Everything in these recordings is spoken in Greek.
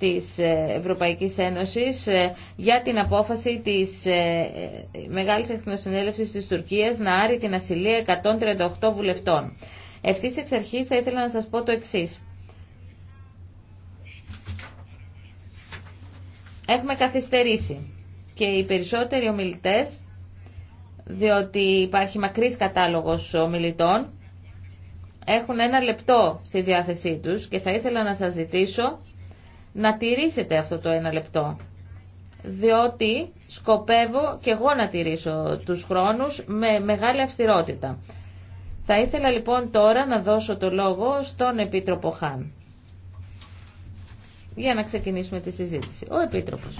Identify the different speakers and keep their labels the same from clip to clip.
Speaker 1: της ε, Ευρωπαϊκής Ένωσης ε, για την απόφαση της ε, Μεγάλης Εθνοσυνέλευσης της Τουρκίας να άρει την ασυλία 138 βουλευτών. Ευθύς εξ αρχής θα ήθελα να σας πω το εξής. Έχουμε καθυστερήσει και οι περισσότεροι ομιλητές, διότι υπάρχει μακρύς κατάλογος ομιλητών, έχουν ένα λεπτό στη διάθεσή τους και θα ήθελα να σας ζητήσω να τηρήσετε αυτό το ένα λεπτό διότι σκοπεύω και εγώ να τηρήσω τους χρόνους με μεγάλη αυστηρότητα. Θα ήθελα λοιπόν τώρα να δώσω το λόγο στον Επίτροπο Χάν
Speaker 2: για να ξεκινήσουμε τη συζήτηση. Ο Επίτροπος.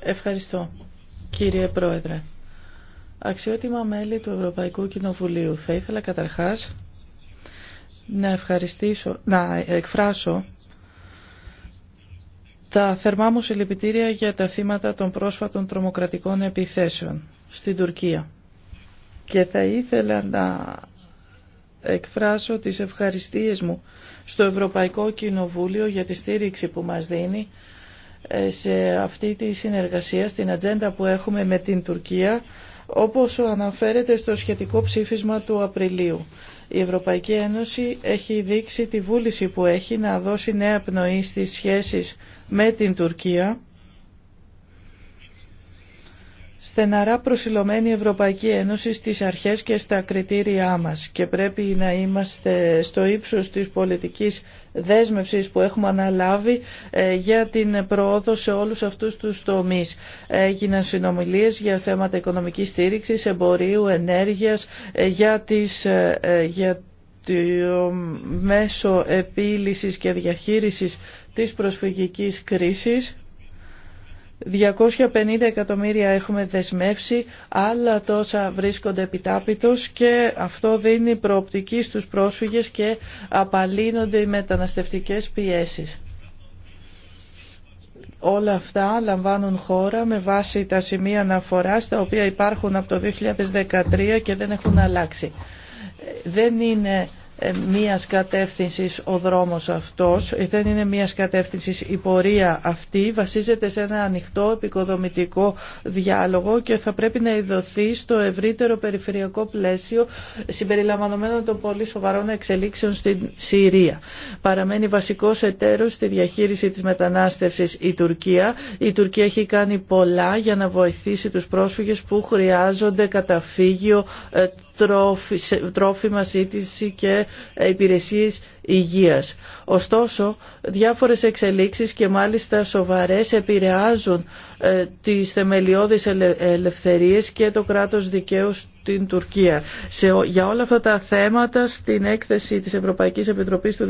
Speaker 2: Ευχαριστώ κύριε Πρόεδρε. Αξιότιμα μέλη του Ευρωπαϊκού Κοινοβουλίου. Θα ήθελα καταρχάς να ευχαριστήσω, να εκφράσω τα θερμά μου συλληπιτήρια για τα θύματα των πρόσφατων τρομοκρατικών επιθέσεων στην Τουρκία. Και θα ήθελα να εκφράσω τις ευχαριστίες μου στο Ευρωπαϊκό Κοινοβούλιο για τη στήριξη που μας δίνει ε, σε αυτή τη συνεργασία, στην ατζέντα που έχουμε με την Τουρκία, όπως αναφέρεται στο σχετικό ψήφισμα του Απριλίου. Η Ευρωπαϊκή Ένωση έχει δείξει τη βούληση που έχει να δώσει νέα πνοή στις σχέσεις με την Τουρκία στεναρά προσιλωμένη Ευρωπαϊκή Ένωση στις αρχές και στα κριτήριά μας και πρέπει να είμαστε στο ύψος της πολιτικής δέσμευσης που έχουμε αναλάβει ε, για την προόδο σε όλους αυτούς τους τομείς. Έγιναν συνομιλίες για θέματα οικονομικής στήριξης, εμπορίου, ενέργειας, ε, για, τις, ε, για το μέσο επίλυσης και διαχείρισης της προσφυγικής κρίσης 250 εκατομμύρια έχουμε δεσμεύσει, άλλα τόσα βρίσκονται επιτάπητος και αυτό δίνει προοπτική στους πρόσφυγες και απαλύνονται οι μεταναστευτικές πιέσεις. Όλα αυτά λαμβάνουν χώρα με βάση τα σημεία αναφοράς τα οποία υπάρχουν από το 2013 και δεν έχουν αλλάξει. Δεν είναι ε, μίας κατεύθυνσης ο δρόμος αυτός, ε, δεν είναι μίας κατεύθυνσης η πορεία αυτή, βασίζεται σε ένα ανοιχτό επικοδομητικό διάλογο και θα πρέπει να ειδωθεί στο ευρύτερο περιφερειακό πλαίσιο συμπεριλαμβανομένων των πολύ σοβαρών εξελίξεων στην Συρία. Παραμένει βασικός εταίρος στη διαχείριση της μετανάστευσης η Τουρκία. Η Τουρκία έχει κάνει πολλά για να βοηθήσει τους πρόσφυγες που χρειάζονται καταφύγιο ε, τρόφιμα, ζήτηση και ε, υπηρεσίες υγείας. Ωστόσο, διάφορες εξελίξεις και μάλιστα σοβαρές επηρεάζουν ε, τις θεμελιώδεις ελευθερίες και το κράτος δικαίου Τουρκία. Σε, για όλα αυτά τα θέματα στην έκθεση της Ευρωπαϊκής Επιτροπής του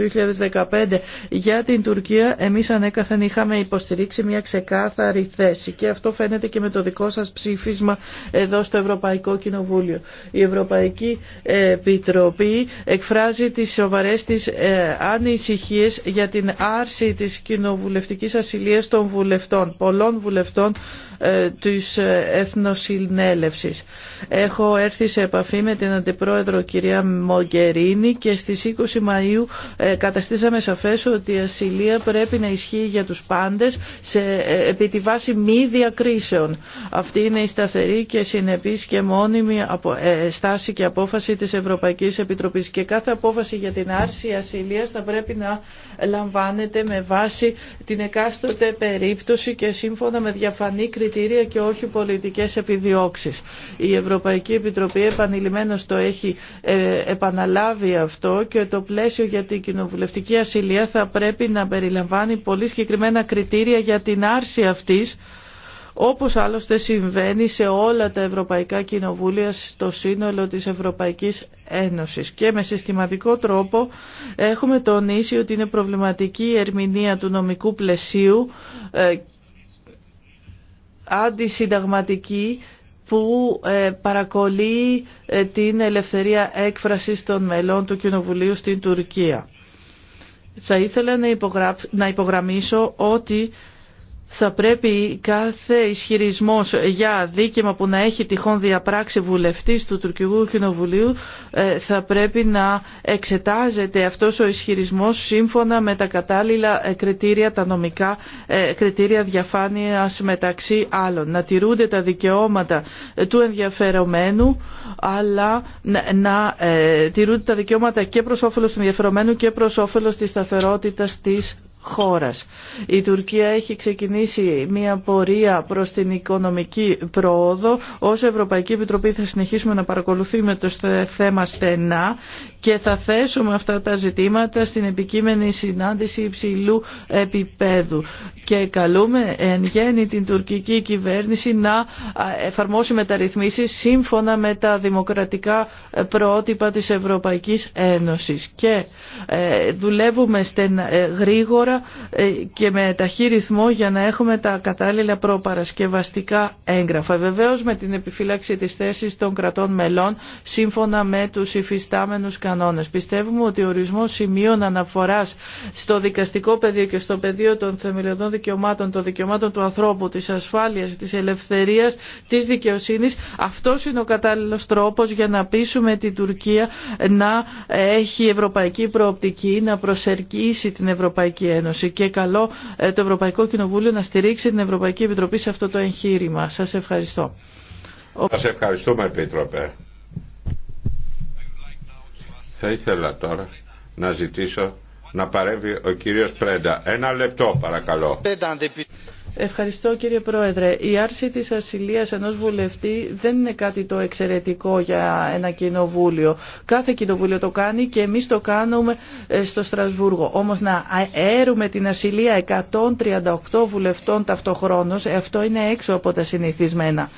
Speaker 2: 2015 για την Τουρκία εμείς ανέκαθεν είχαμε υποστηρίξει μια ξεκάθαρη θέση και αυτό φαίνεται και με το δικό σας ψήφισμα εδώ στο Ευρωπαϊκό Κοινοβούλιο. Η Ευρωπαϊκή Επιτροπή εκφράζει τις σοβαρές της ε, ανησυχίες για την άρση της κοινοβουλευτικής ασυλίας των βουλευτών, πολλών βουλευτών ε, της ε, Εθνοσυνέλευσης. Έχω έρθει σε επαφή με την Αντιπρόεδρο κυρία Μογκερίνη και στις 20 Μαΐου ε, καταστήσαμε σαφές ότι η ασυλία πρέπει να ισχύει για τους πάντες σε, επί τη βάση μη διακρίσεων. Αυτή είναι η σταθερή και συνεπής και μόνιμη στάση και απόφαση της Ευρωπαϊκής Επιτροπής και κάθε απόφαση για την άρση ασυλίας θα πρέπει να λαμβάνεται με βάση την εκάστοτε περίπτωση και σύμφωνα με διαφανή κριτήρια και όχι πολιτικές επιδιώξεις. Η Ευρωπαϊκή Επιτροπή επανειλημμένως το έχει ε, επαναλάβει αυτό και το πλαίσιο για την κοινοβουλευτική ασυλία θα πρέπει να περιλαμβάνει πολύ συγκεκριμένα κριτήρια για την άρση αυτής όπως άλλωστε συμβαίνει σε όλα τα ευρωπαϊκά κοινοβούλια στο σύνολο της Ευρωπαϊκής Ένωσης. Και με συστηματικό τρόπο έχουμε τονίσει ότι είναι προβληματική η ερμηνεία του νομικού πλαισίου ε, αντισυνταγματική που ε, παρακολεί ε, την ελευθερία έκφρασης των μελών του Κοινοβουλίου στην Τουρκία. Θα ήθελα να υπογραμμίσω ότι θα πρέπει κάθε ισχυρισμό για δίκαιμα που να έχει τυχόν διαπράξει βουλευτής του Τουρκικού Κοινοβουλίου ε, θα πρέπει να εξετάζεται αυτός ο ισχυρισμός σύμφωνα με τα κατάλληλα ε, κριτήρια, τα νομικά ε, κριτήρια διαφάνειας μεταξύ άλλων. Να τηρούνται τα δικαιώματα του ενδιαφερομένου αλλά να τηρούνται τα δικαιώματα και προς όφελος του ενδιαφερομένου και προς όφελος της σταθερότητας της χώρας. Η Τουρκία έχει ξεκινήσει μια πορεία προς την οικονομική πρόοδο. Ως Ευρωπαϊκή Επιτροπή θα συνεχίσουμε να παρακολουθούμε το θέμα στενά και θα θέσουμε αυτά τα ζητήματα στην επικείμενη συνάντηση υψηλού επίπεδου. Και καλούμε εν γέννη την τουρκική κυβέρνηση να εφαρμόσει μεταρρυθμίσεις σύμφωνα με τα δημοκρατικά πρότυπα της Ευρωπαϊκής Ένωσης. Και ε, δουλεύουμε ε, γρήγορα ε, και με ταχύ ρυθμό για να έχουμε τα κατάλληλα προπαρασκευαστικά έγγραφα. Βεβαίως με την επιφύλαξη της θέσης των κρατών μελών σύμφωνα με τους υφιστάμενους Πιστεύουμε ότι ο ορισμό σημείων αναφορά στο δικαστικό πεδίο και στο πεδίο των θεμελιωδών δικαιωμάτων, των δικαιωμάτων του ανθρώπου, τη ασφάλεια, τη ελευθερία, τη δικαιοσύνη. Αυτό είναι ο κατάλληλο τρόπο για να πείσουμε την Τουρκία να έχει ευρωπαϊκή προοπτική, να προσερκίσει την Ευρωπαϊκή Ένωση. Και καλό ε, το Ευρωπαϊκό Κοινοβούλιο να στηρίξει την Ευρωπαϊκή Επιτροπή σε αυτό το εγχείρημα. Σα ευχαριστώ.
Speaker 3: Σα ευχαριστούμε, Επίτροπε. Θα ήθελα τώρα να ζητήσω να παρέμβει ο κύριος Πρέντα. Ένα λεπτό παρακαλώ.
Speaker 2: Ευχαριστώ κύριε Πρόεδρε. Η άρση της ασυλίας ενός βουλευτή δεν είναι κάτι το εξαιρετικό για ένα κοινοβούλιο. Κάθε κοινοβούλιο το κάνει και εμείς το κάνουμε ε, στο Στρασβούργο. Όμως να αέρουμε την ασυλία 138 βουλευτών ταυτοχρόνως, ε, αυτό είναι έξω από τα συνηθισμένα.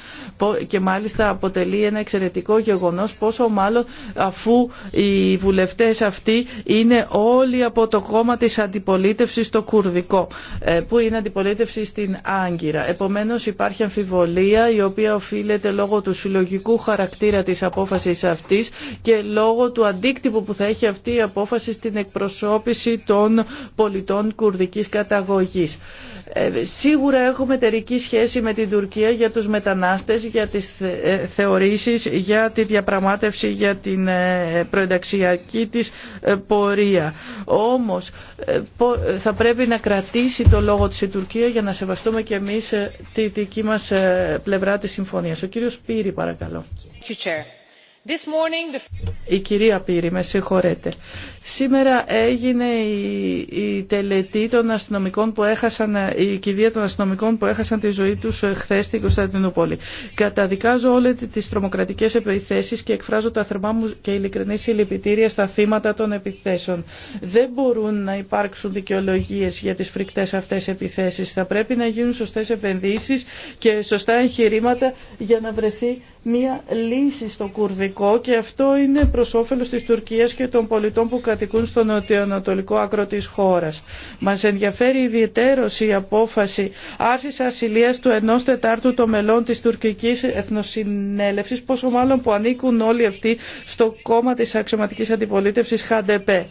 Speaker 2: Και μάλιστα αποτελεί ένα εξαιρετικό γεγονός, πόσο μάλλον αφού οι βουλευτές αυτοί είναι όλοι από το κόμμα της αντιπολίτευσης, το κουρδικό, ε, που είναι αντιπολίτευση στην στην Επομένως υπάρχει αμφιβολία η οποία οφείλεται λόγω του συλλογικού χαρακτήρα της απόφασης αυτής και λόγω του αντίκτυπου που θα έχει αυτή η απόφαση στην εκπροσώπηση των πολιτών κουρδικής καταγωγής. Ε, σίγουρα έχουμε εταιρική σχέση με την Τουρκία για τους μετανάστες, για τις ε, θεωρήσεις, για τη διαπραγμάτευση, για την ε, προενταξιακή της πορεία. Όμως θα πρέπει να κρατήσει το λόγο της η Τουρκία για να σε σεβαστούμε και εμείς ε, τη δική μας ε, πλευρά της συμφωνίας. Ο κύριος Πύρη παρακαλώ. Η κυρία Πύρη, με συγχωρείτε. Σήμερα έγινε η, η τελετή των αστυνομικών που έχασαν, η κηδεία των αστυνομικών που έχασαν τη ζωή τους ε, χθε στην Κωνσταντινούπολη. Καταδικάζω όλες τις τρομοκρατικές επιθέσεις και εκφράζω τα θερμά μου και ειλικρινή συλληπιτήρια στα θύματα των επιθέσεων. Δεν μπορούν να υπάρξουν δικαιολογίε για τις φρικτές αυτές επιθέσεις. Θα πρέπει να γίνουν σωστές επενδύσεις και σωστά εγχειρήματα για να βρεθεί μία λύση στο κουρδικό και αυτό είναι προ όφελο της Τουρκίας και των πολιτών που κατοικούν στο νοτιοανατολικό άκρο της χώρας. Μας ενδιαφέρει ιδιαιτέρως η απόφαση άρσης ασυλίας του ενός τετάρτου των μελών της τουρκικής εθνοσυνέλευσης, πόσο μάλλον που ανήκουν όλοι αυτοί στο κόμμα της αξιωματικής αντιπολίτευσης ΧΑΝΤΕΠΕ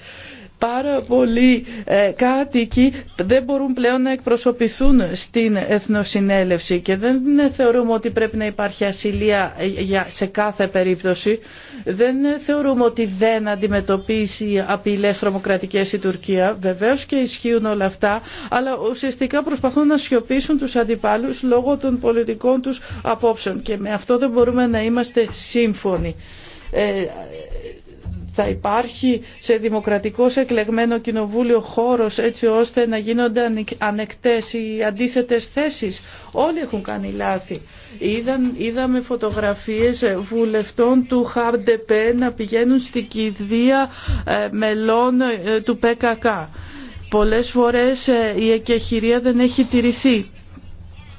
Speaker 2: πάρα πολλοί ε, κάτοικοι δεν μπορούν πλέον να εκπροσωπηθούν στην Εθνοσυνέλευση και δεν θεωρούμε ότι πρέπει να υπάρχει ασυλία ε, σε κάθε περίπτωση. Δεν θεωρούμε ότι δεν αντιμετωπίσει απειλές τρομοκρατικές η Τουρκία. Βεβαίως και ισχύουν όλα αυτά, αλλά ουσιαστικά προσπαθούν να σιωπήσουν τους αντιπάλους λόγω των πολιτικών τους απόψεων και με αυτό δεν μπορούμε να είμαστε σύμφωνοι. Ε, θα υπάρχει σε δημοκρατικό εκλεγμένο κοινοβούλιο χώρος έτσι ώστε να γίνονται ανεκτές οι αντίθετες θέσεις. Όλοι έχουν κάνει λάθη. Είδαν, είδαμε φωτογραφίες ε, βουλευτών του ΧΑΜΤΕΠΕ να πηγαίνουν στην κηδεία ε, μελών ε, του ΠΚΚ. Πολλές φορές η εκεχηρία δεν έχει τηρηθεί.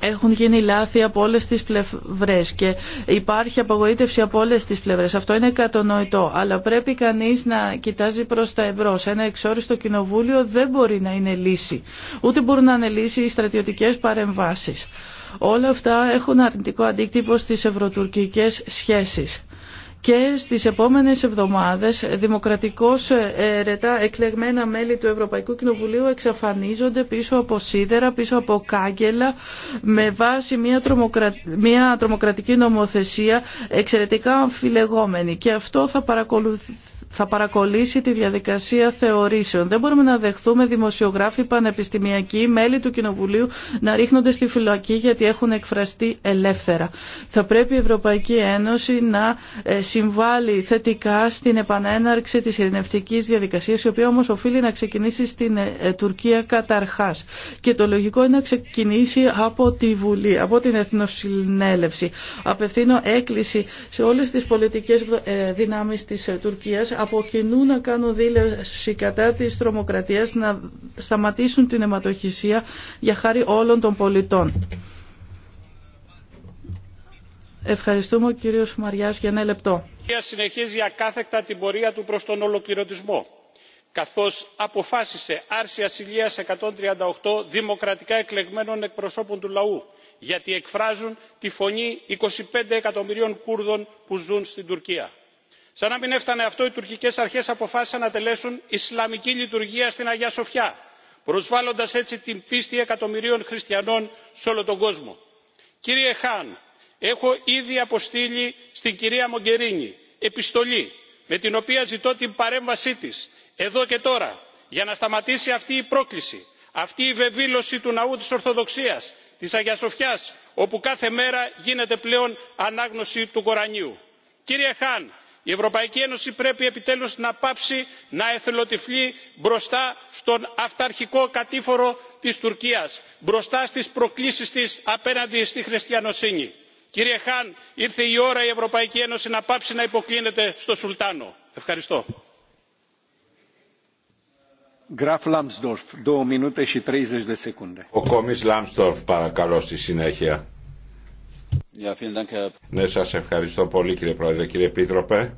Speaker 2: Έχουν γίνει λάθη από όλε τι πλευρές και υπάρχει απογοήτευση από όλε τι πλευρές. Αυτό είναι κατονοητό, αλλά πρέπει κανείς να κοιτάζει προ τα εμπρό Ένα εξόριστο κοινοβούλιο δεν μπορεί να είναι λύση. Ούτε μπορούν να είναι λύση οι στρατιωτικές παρεμβάσεις. Όλα αυτά έχουν αρνητικό αντίκτυπο στις ευρωτουρκικέ σχέσει και στις επόμενες εβδομάδες δημοκρατικώς ερετά εκλεγμένα μέλη του Ευρωπαϊκού Κοινοβουλίου εξαφανίζονται πίσω από σίδερα, πίσω από κάγκελα με βάση μια, μια τρομοκρατική νομοθεσία εξαιρετικά αμφιλεγόμενη και αυτό θα παρακολουθεί θα παρακολύσει τη διαδικασία θεωρήσεων. Δεν μπορούμε να δεχθούμε δημοσιογράφοι πανεπιστημιακοί, μέλη του Κοινοβουλίου να ρίχνονται στη φυλακή γιατί έχουν εκφραστεί ελεύθερα. Θα πρέπει η Ευρωπαϊκή Ένωση να ε, συμβάλλει θετικά στην επανέναρξη της ειρηνευτικής διαδικασίας, η οποία όμως οφείλει να ξεκινήσει στην ε, ε, Τουρκία καταρχάς. Και το λογικό είναι να ξεκινήσει από τη Βουλή, από την Εθνοσυνέλευση. Απευθύνω έκκληση σε όλες τις πολιτικές δυνάμεις της Τουρκίας από κοινού να κάνουν δήλωση κατά της τρομοκρατίας, να σταματήσουν την αιματοχυσία για χάρη όλων των πολιτών. Ευχαριστούμε ο κύριος Μαριάς για ένα λεπτό.
Speaker 4: Η συνεχίζει ακάθεκτα την πορεία του προς τον ολοκληρωτισμό, καθώς αποφάσισε άρση ασυλίας 138 δημοκρατικά εκλεγμένων εκπροσώπων του λαού, γιατί εκφράζουν τη φωνή 25 εκατομμυρίων Κούρδων που ζουν στην Τουρκία σαν να μην έφτανε αυτό οι τουρκικές αρχές αποφάσισαν να τελέσουν ισλαμική λειτουργία στην αγιά σοφιά προσβάλλοντας έτσι την πίστη εκατομμυρίων χριστιανών σε όλο τον κόσμο. κύριε χαν έχω ήδη αποστείλει στην κυρία μογκερίνη επιστολή με την οποία ζητώ την παρέμβασή της εδώ και τώρα για να σταματήσει αυτή η πρόκληση αυτή η βεβήλωση του ναού της ορθοδοξίας της αγιάς σοφιάς όπου κάθε μέρα γίνεται πλέον ανάγνωση του κορανίου. κύριε χαν η ευρωπαϊκή ένωση πρέπει επιτέλους να πάψει να εθελοτυφλεί μπροστά στον αυταρχικό κατήφορο της τουρκίας μπροστά στις προκλήσεις της απέναντι στη χριστιανοσύνη. κύριε χαν ήρθε η ώρα η ευρωπαϊκή ένωση να πάψει να υποκλίνεται στο σουλτάνο. ευχαριστώ.
Speaker 3: Ο παρακαλώ στη συνέχεια. Ναι, σας ευχαριστώ πολύ κύριε Πρόεδρε, κύριε Επίτροπε.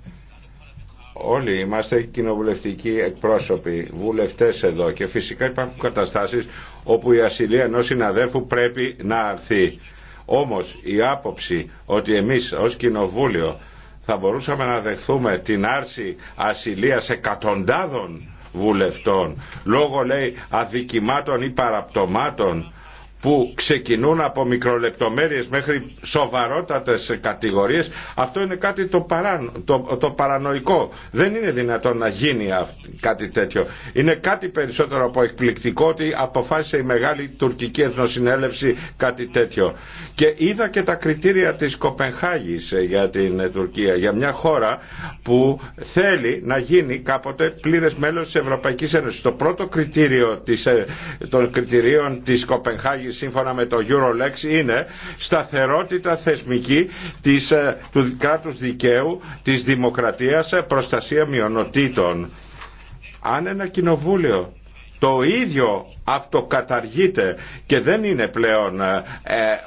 Speaker 3: Όλοι είμαστε κοινοβουλευτικοί εκπρόσωποι, βουλευτές εδώ και φυσικά υπάρχουν καταστάσεις όπου η ασυλία ενός συναδέλφου πρέπει να αρθεί. Όμως η άποψη ότι εμείς ως κοινοβούλιο θα μπορούσαμε να δεχθούμε την άρση ασυλίας εκατοντάδων βουλευτών λόγω λέει αδικημάτων ή παραπτωμάτων που ξεκινούν από μικρολεπτομέρειες μέχρι σοβαρότατες κατηγορίες, αυτό είναι κάτι το, το, το παρανοϊκό. Δεν είναι δυνατόν να γίνει κάτι τέτοιο. Είναι κάτι περισσότερο από εκπληκτικό ότι αποφάσισε η μεγάλη τουρκική εθνοσυνέλευση κάτι τέτοιο. Και είδα και τα κριτήρια της Κοπενχάγης ε, για την ε, Τουρκία, για μια χώρα που θέλει να γίνει κάποτε πλήρες μέλος της Ευρωπαϊκής Ένωσης. Το πρώτο κριτήριο της, ε, των κριτηρίων της Κοπενχάγης σύμφωνα με το Eurolex είναι σταθερότητα θεσμική της, ε, του κράτους δικαίου, της δημοκρατίας, ε, προστασία μειονοτήτων. Αν ένα κοινοβούλιο το ίδιο αυτοκαταργείται και δεν είναι πλέον ε,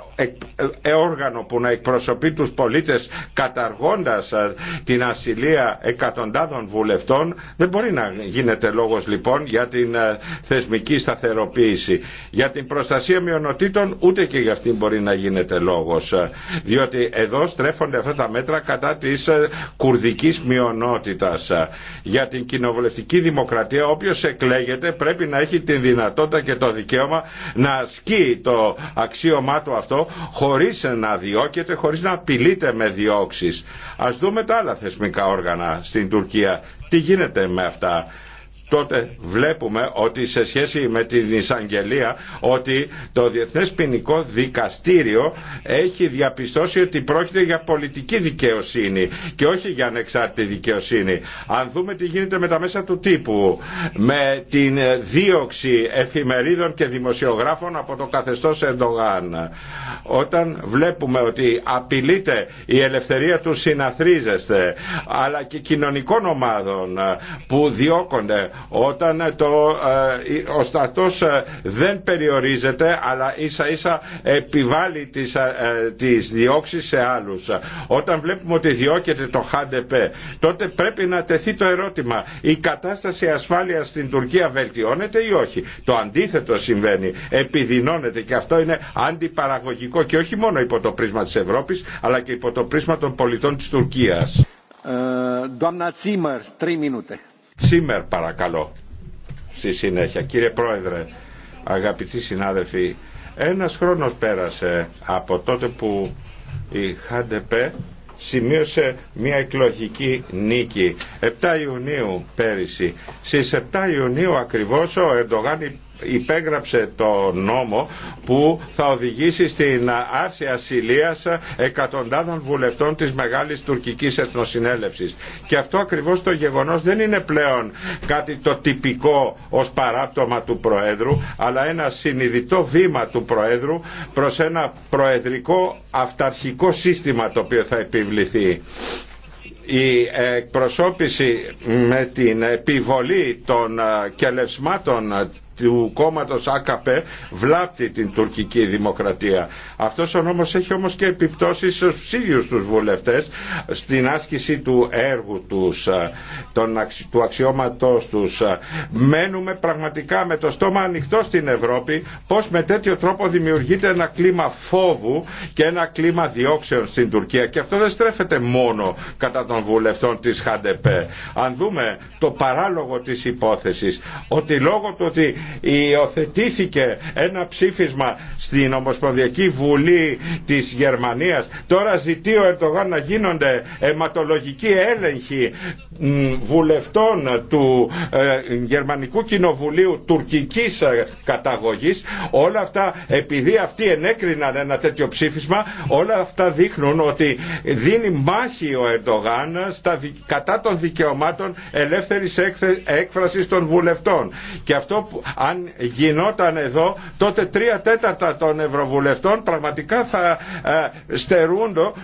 Speaker 3: ε, όργανο που να εκπροσωπεί τους πολίτες καταργώντας ε, την ασυλία εκατοντάδων βουλευτών δεν μπορεί να γίνεται λόγος λοιπόν για την ε, θεσμική σταθεροποίηση. Για την προστασία μειονοτήτων ούτε και για αυτή μπορεί να γίνεται λόγος διότι εδώ στρέφονται αυτά τα μέτρα κατά της κουρδικής μειονότητας. Για την κοινοβουλευτική δημοκρατία όποιος εκλέγεται πρέπει να έχει την δυνατότητα και το δικαίωμα να ασκεί το αξίωμά του αυτό χωρίς να διώκεται, χωρίς να απειλείται με διώξεις. Ας δούμε τα άλλα θεσμικά όργανα στην Τουρκία. Τι γίνεται με αυτά τότε βλέπουμε ότι σε σχέση με την εισαγγελία ότι το Διεθνές Ποινικό Δικαστήριο έχει διαπιστώσει ότι πρόκειται για πολιτική δικαιοσύνη και όχι για ανεξάρτητη δικαιοσύνη. Αν δούμε τι γίνεται με τα μέσα του τύπου, με την δίωξη εφημερίδων και δημοσιογράφων από το καθεστώς Ερντογάν, όταν βλέπουμε ότι απειλείται η ελευθερία του συναθρίζεστε, αλλά και κοινωνικών ομάδων που διώκονται όταν το, ε, ο στρατός ε, δεν περιορίζεται αλλά ίσα ίσα επιβάλλει τις, ε, τις διώξεις σε άλλους. Όταν βλέπουμε ότι διώκεται το ΧΑΝΤΕΠΕ τότε πρέπει να τεθεί το ερώτημα η κατάσταση ασφάλειας στην Τουρκία βελτιώνεται ή όχι. Το αντίθετο συμβαίνει, επιδεινώνεται και αυτό είναι αντιπαραγωγικό και όχι μόνο υπό το πρίσμα της Ευρώπης αλλά και υπό το πρίσμα των πολιτών της Τουρκίας. Σήμερα, παρακαλώ στη συνέχεια. Κύριε Πρόεδρε, αγαπητοί συνάδελφοι, ένας χρόνος πέρασε από τότε που η ΧΑΝΤΕΠΕ σημείωσε μια εκλογική νίκη 7 Ιουνίου πέρυσι. Στις 7 Ιουνίου ακριβώς ο Ερντογάν υπέγραψε το νόμο που θα οδηγήσει στην άρση ασυλίας εκατοντάδων βουλευτών της Μεγάλης Τουρκικής Εθνοσυνέλευσης. Και αυτό ακριβώς το γεγονός δεν είναι πλέον κάτι το τυπικό ως παράπτωμα του Προέδρου, αλλά ένα συνειδητό βήμα του Προέδρου προς ένα προεδρικό αυταρχικό σύστημα το οποίο θα επιβληθεί η εκπροσώπηση με την επιβολή των ε, κελευσμάτων του κόμματος ΑΚΠ βλάπτει την τουρκική δημοκρατία. Αυτός ο νόμος έχει όμως και επιπτώσεις στους ίδιους τους βουλευτές στην άσκηση του έργου τους, ε, του αξιώματός τους. Ε, μένουμε πραγματικά με το στόμα ανοιχτό στην Ευρώπη πώς με τέτοιο τρόπο δημιουργείται ένα κλίμα φόβου και ένα κλίμα διώξεων στην Τουρκία και αυτό δεν στρέφεται μόνο κατά των βουλευτών της ΧΑΝΤΕΠΕ. Αν δούμε το παράλογο της υπόθεσης ότι λόγω του ότι υιοθετήθηκε ένα ψήφισμα στην Ομοσπονδιακή Βουλή της Γερμανίας. Τώρα ζητεί ο Ερντογάν να γίνονται αιματολογικοί έλεγχοι βουλευτών του ε, Γερμανικού Κοινοβουλίου τουρκικής ε, καταγωγής. Όλα αυτά, επειδή αυτοί ενέκριναν ένα τέτοιο ψήφισμα, όλα αυτά δείχνουν ότι δίνει μάχη ο Ερντογάν στα, κατά των δικαιωμάτων ελεύθερης έκφρασης των βουλευτών. Και αυτό, αν γινόταν εδώ, τότε τρία τέταρτα των Ευρωβουλευτών πραγματικά θα ε, στερούντο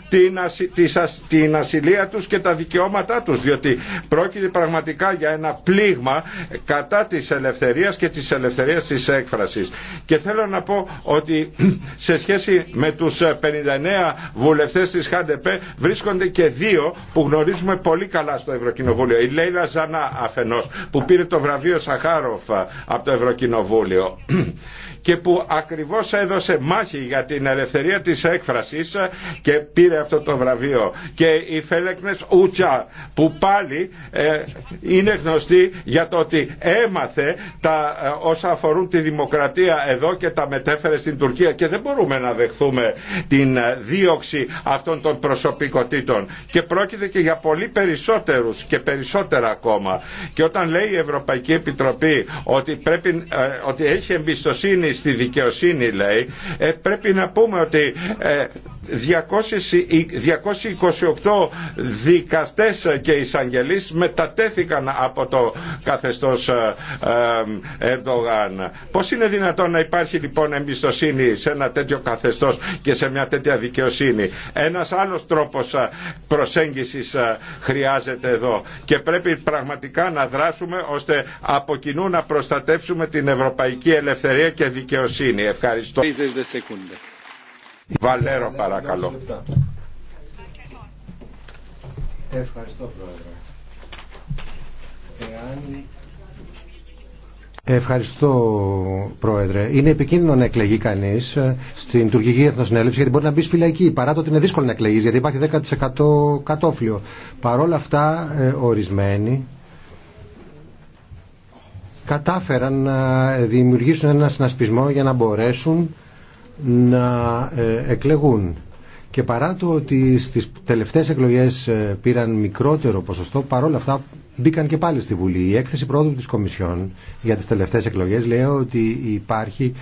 Speaker 3: την ασυλία τους και τα δικαιώματά τους, διότι πρόκειται πραγματικά για ένα πλήγμα κατά της ελευθερίας και της ελευθερίας της έκφρασης. Και θέλω να πω ότι σε σχέση με τους 59 βουλευτές της ΧΑΝΤΕΠΕ βρίσκονται και δύο που γνωρίζουμε πολύ καλά στο Ευρωκοινοβούλιο. Η Λέιλα Ζανά αφενός που πήρε το βραβείο Σαχάροφ ε, από το Ευρωκοινοβούλιο και που ακριβώς έδωσε μάχη για την ελευθερία της έκφρασης και πήρε αυτό το βραβείο. Και η Φέλεκνες Ούτσα που πάλι ε, είναι γνωστή για το ότι έμαθε τα ε, όσα αφορούν τη δημοκρατία εδώ και τα μετέφερε στην Τουρκία και δεν μπορούμε να δεχθούμε την ε, δίωξη αυτών των προσωπικότητων και πρόκειται και για πολύ περισσότερους και περισσότερα ακόμα και όταν λέει η Ευρωπαϊκή Επιτροπή ότι, πρέπει, ότι έχει εμπιστοσύνη στη δικαιοσύνη λέει, ε, πρέπει να πούμε ότι 228 ε, δικαστές και εισαγγελείς μετατέθηκαν από το καθεστώς ε, Ερντογάν. Πώς είναι δυνατόν να υπάρχει λοιπόν εμπιστοσύνη σε ένα τέτοιο καθεστώς και σε μια τέτοια δικαιοσύνη. Ένας άλλος τρόπος προσέγγισης χρειάζεται εδώ και πρέπει πραγματικά να δράσουμε ώστε από κοινού να προστατεύσουμε την ευρωπαϊκή ελευθερία και δικαιοσύνη δικαιοσύνη. Ευχαριστώ. Βαλέρο παρακαλώ.
Speaker 5: Ευχαριστώ πρόεδρε. Είναι επικίνδυνο να εκλεγεί κανεί ε, στην τουρκική εθνοσυνέλευση γιατί μπορεί να μπει φυλακή. Παρά το ότι είναι δύσκολο να εκλεγεί γιατί υπάρχει 10% κατόφλιο. Παρόλα αυτά, ε, ορισμένοι κατάφεραν να δημιουργήσουν ένα συνασπισμό για να μπορέσουν να ε, εκλεγούν. Και παρά το ότι στις τελευταίες εκλογές ε, πήραν μικρότερο ποσοστό, παρόλα αυτά μπήκαν και πάλι στη Βουλή. Η έκθεση πρόοδου της Κομισιόν για τις τελευταίες εκλογές λέει ότι υπάρχει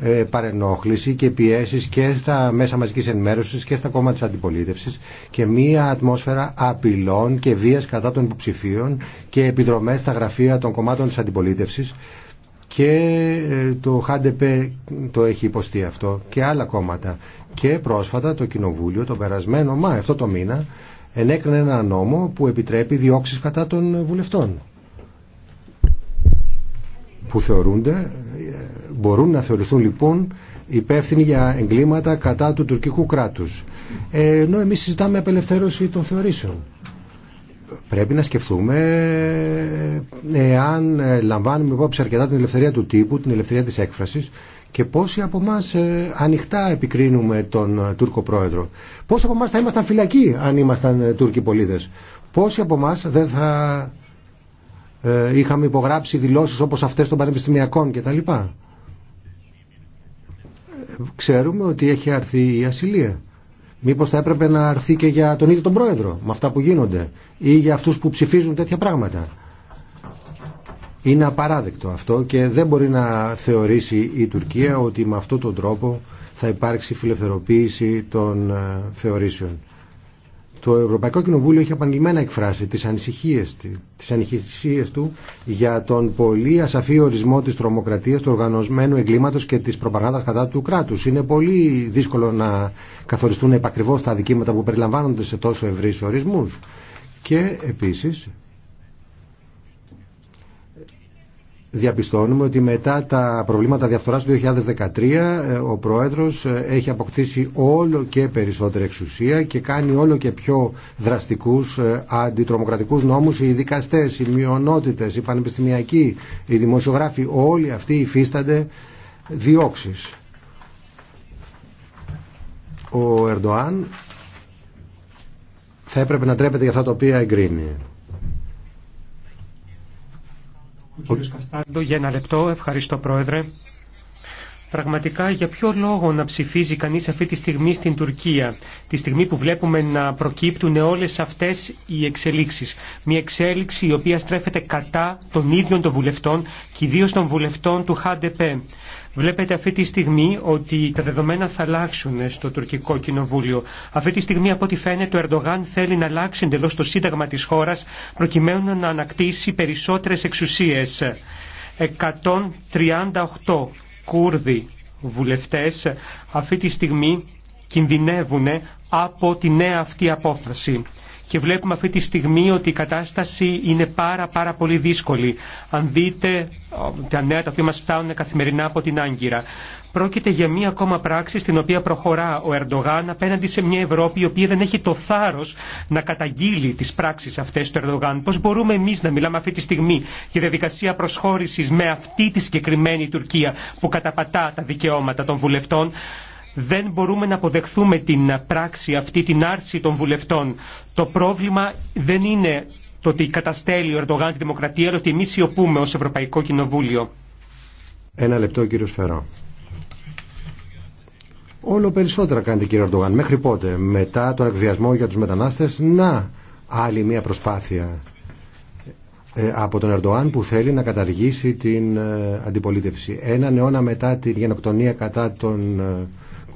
Speaker 5: ε, παρενόχληση και πιέσει και στα μέσα μαζικής ενημέρωσης και στα κόμματα τη αντιπολίτευσης και μία ατμόσφαιρα απειλών και βία κατά των υποψηφίων και επιδρομές στα γραφεία των κομμάτων τη αντιπολίτευσης και ε, το ΧΑΝΤΕΠΕ το έχει υποστεί αυτό και άλλα κόμματα και πρόσφατα το Κοινοβούλιο το περασμένο, μα αυτό το μήνα ενέκρινε ένα νόμο που επιτρέπει διώξει κατά των βουλευτών που θεωρούνται ε, μπορούν να θεωρηθούν λοιπόν υπεύθυνοι για εγκλήματα κατά του τουρκικού κράτους. Ε, ενώ εμείς συζητάμε απελευθέρωση των θεωρήσεων. Πρέπει να σκεφτούμε ε, εάν λαμβάνουμε υπόψη αρκετά την ελευθερία του τύπου, την ελευθερία της έκφρασης και πόσοι από εμά ανοιχτά επικρίνουμε τον Τούρκο πρόεδρο. Πόσοι από εμά θα ήμασταν φυλακοί αν ήμασταν Τούρκοι πολίτες. Πόσοι από εμά δεν θα ε, είχαμε υπογράψει δηλώσεις όπως αυτές των πανεπιστημιακών κτλ. Ε, ξέρουμε ότι έχει αρθεί η ασυλία. Μήπως θα έπρεπε να αρθεί και για τον ίδιο τον πρόεδρο με αυτά που γίνονται ή για αυτούς που ψηφίζουν τέτοια πράγματα. Είναι απαράδεκτο αυτό και δεν μπορεί να θεωρήσει η Τουρκία ότι με αυτόν τον τρόπο θα υπάρξει φιλελευθερωποίηση των ε, θεωρήσεων. Το Ευρωπαϊκό Κοινοβούλιο έχει επανειλημμένα εκφράσει τις ανησυχίες, του, τις ανησυχίες του για τον πολύ ασαφή ορισμό της τρομοκρατίας, του οργανωσμένου εγκλήματος και της προπαγάνδας κατά του κράτους. Είναι πολύ δύσκολο να καθοριστούν επακριβώς τα αδικήματα που περιλαμβάνονται σε τόσο ευρύς ορισμούς. Και επίσης διαπιστώνουμε ότι μετά τα προβλήματα διαφθοράς του 2013 ε, ο Πρόεδρος ε, έχει αποκτήσει όλο και περισσότερη εξουσία και κάνει όλο και πιο δραστικούς ε, αντιτρομοκρατικούς νόμους οι δικαστές, οι μειονότητες, οι πανεπιστημιακοί, οι δημοσιογράφοι όλοι αυτοί υφίστανται διώξεις. Ο Ερντοάν θα έπρεπε να τρέπεται για αυτά τα οποία εγκρίνει.
Speaker 6: Ο κ. για ένα λεπτό. Ευχαριστώ, Πρόεδρε. Πραγματικά για ποιο λόγο να ψηφίζει κανείς αυτή τη στιγμή στην Τουρκία, τη στιγμή που βλέπουμε να προκύπτουν όλες αυτές οι εξελίξεις. Μια εξέλιξη η οποία στρέφεται κατά των ίδιων των βουλευτών και ιδίω των βουλευτών του ΧΑΝΤΕΠΕ. Βλέπετε αυτή τη στιγμή ότι τα δεδομένα θα αλλάξουν στο τουρκικό κοινοβούλιο. Αυτή τη στιγμή, από ό,τι φαίνεται, ο Ερντογάν θέλει να αλλάξει εντελώ το σύνταγμα τη χώρα προκειμένου να ανακτήσει περισσότερε εξουσίε. 138 Κούρδοι βουλευτές αυτή τη στιγμή κινδυνεύουν από τη νέα αυτή απόφαση και βλέπουμε αυτή τη στιγμή ότι η κατάσταση είναι πάρα πάρα πολύ δύσκολη. Αν δείτε τα νέα τα οποία μας φτάνουν καθημερινά από την Άγκυρα. Πρόκειται για μία ακόμα πράξη στην οποία προχωρά ο Ερντογάν απέναντι σε μια Ευρώπη η οποία δεν έχει το θάρρο να καταγγείλει τι πράξει αυτέ του Ερντογάν. Πώ μπορούμε εμεί να μιλάμε αυτή τη στιγμή για διαδικασία προσχώρηση με αυτή τη συγκεκριμένη Τουρκία που καταπατά τα δικαιώματα των βουλευτών δεν μπορούμε να αποδεχθούμε την πράξη αυτή, την άρση των βουλευτών. Το πρόβλημα δεν είναι το ότι καταστέλει ο Ερντογάν τη δημοκρατία, αλλά ότι εμεί σιωπούμε ω Ευρωπαϊκό Κοινοβούλιο. Ένα λεπτό,
Speaker 5: κύριο Σφερό. Όλο περισσότερα κάνετε, κύριε Ερντογάν. Μέχρι πότε, μετά τον εκβιασμό για του μετανάστε, να άλλη μια προσπάθεια ε, από τον Ερντοάν που θέλει να καταργήσει την ε, αντιπολίτευση. Έναν αιώνα μετά την γενοκτονία κατά των ε,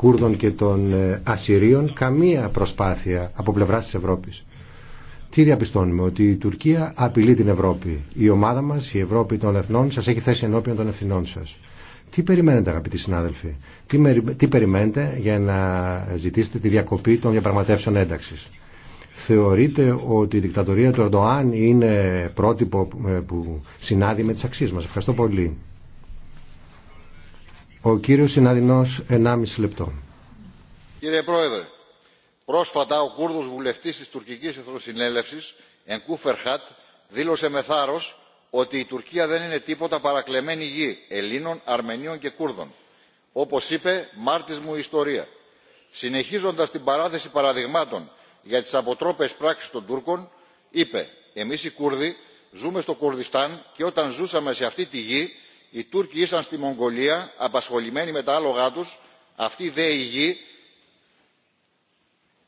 Speaker 5: Κούρδων και των ε, Ασυρίων καμία προσπάθεια από πλευρά της Ευρώπης. Τι διαπιστώνουμε, ότι η Τουρκία απειλεί την Ευρώπη. Η ομάδα μας, η Ευρώπη των Εθνών, σας έχει θέσει ενώπιον των ευθυνών σας. Τι περιμένετε αγαπητοί συνάδελφοι, τι, τι περιμένετε για να ζητήσετε τη διακοπή των διαπραγματεύσεων ένταξη. Θεωρείτε ότι η δικτατορία του Ερντοάν είναι πρότυπο ε, που συνάδει με τις αξίες μα. Ευχαριστώ πολύ. Ο κύριος Συναδεινός, 1,5 λεπτό.
Speaker 7: Κύριε Πρόεδρε, πρόσφατα ο Κούρδος βουλευτής της τουρκικής εθνοσυνέλευσης, Ενκούφερ Χατ, δήλωσε με θάρρος ότι η Τουρκία δεν είναι τίποτα παρακλεμένη γη Ελλήνων, Αρμενίων και Κούρδων. Όπως είπε, μάρτης μου η ιστορία. Συνεχίζοντας την παράθεση παραδειγμάτων για τις αποτρόπες πράξεις των Τούρκων, είπε «Εμείς οι Κούρδοι ζούμε στο Κουρδιστάν και όταν ζούσαμε σε αυτή τη γη οι τούρκοι ήσαν στη μογγολία απασχολημένοι με τα άλογά τους αυτή δε η γη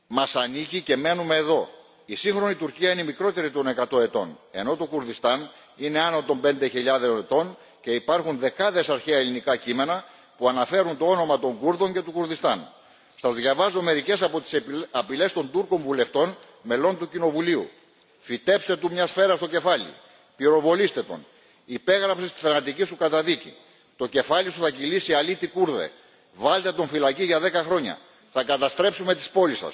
Speaker 7: μας ανήκει και μένουμε εδώ. η σύγχρονη τουρκία είναι μικρότερη των 100 ετών ενώ το κουρδιστάν είναι άνω των 5.000 ετών και υπάρχουν δεκάδες αρχαία ελληνικά κείμενα που αναφέρουν το όνομα των Κούρδων και του Κουρδιστάν. Σας διαβάζω μερικές από τις απειλές των Τούρκων βουλευτών μελών του Κοινοβουλίου. Φυτέψτε του μια σφαίρα στο κεφάλι. Πυροβολήστε τον. Υπέγραψε τη θανατική σου καταδίκη. Το κεφάλι σου θα κυλήσει αλήτη Κούρδε. Βάλτε τον φυλακή για δέκα χρόνια. Θα καταστρέψουμε τι πόλεις σα.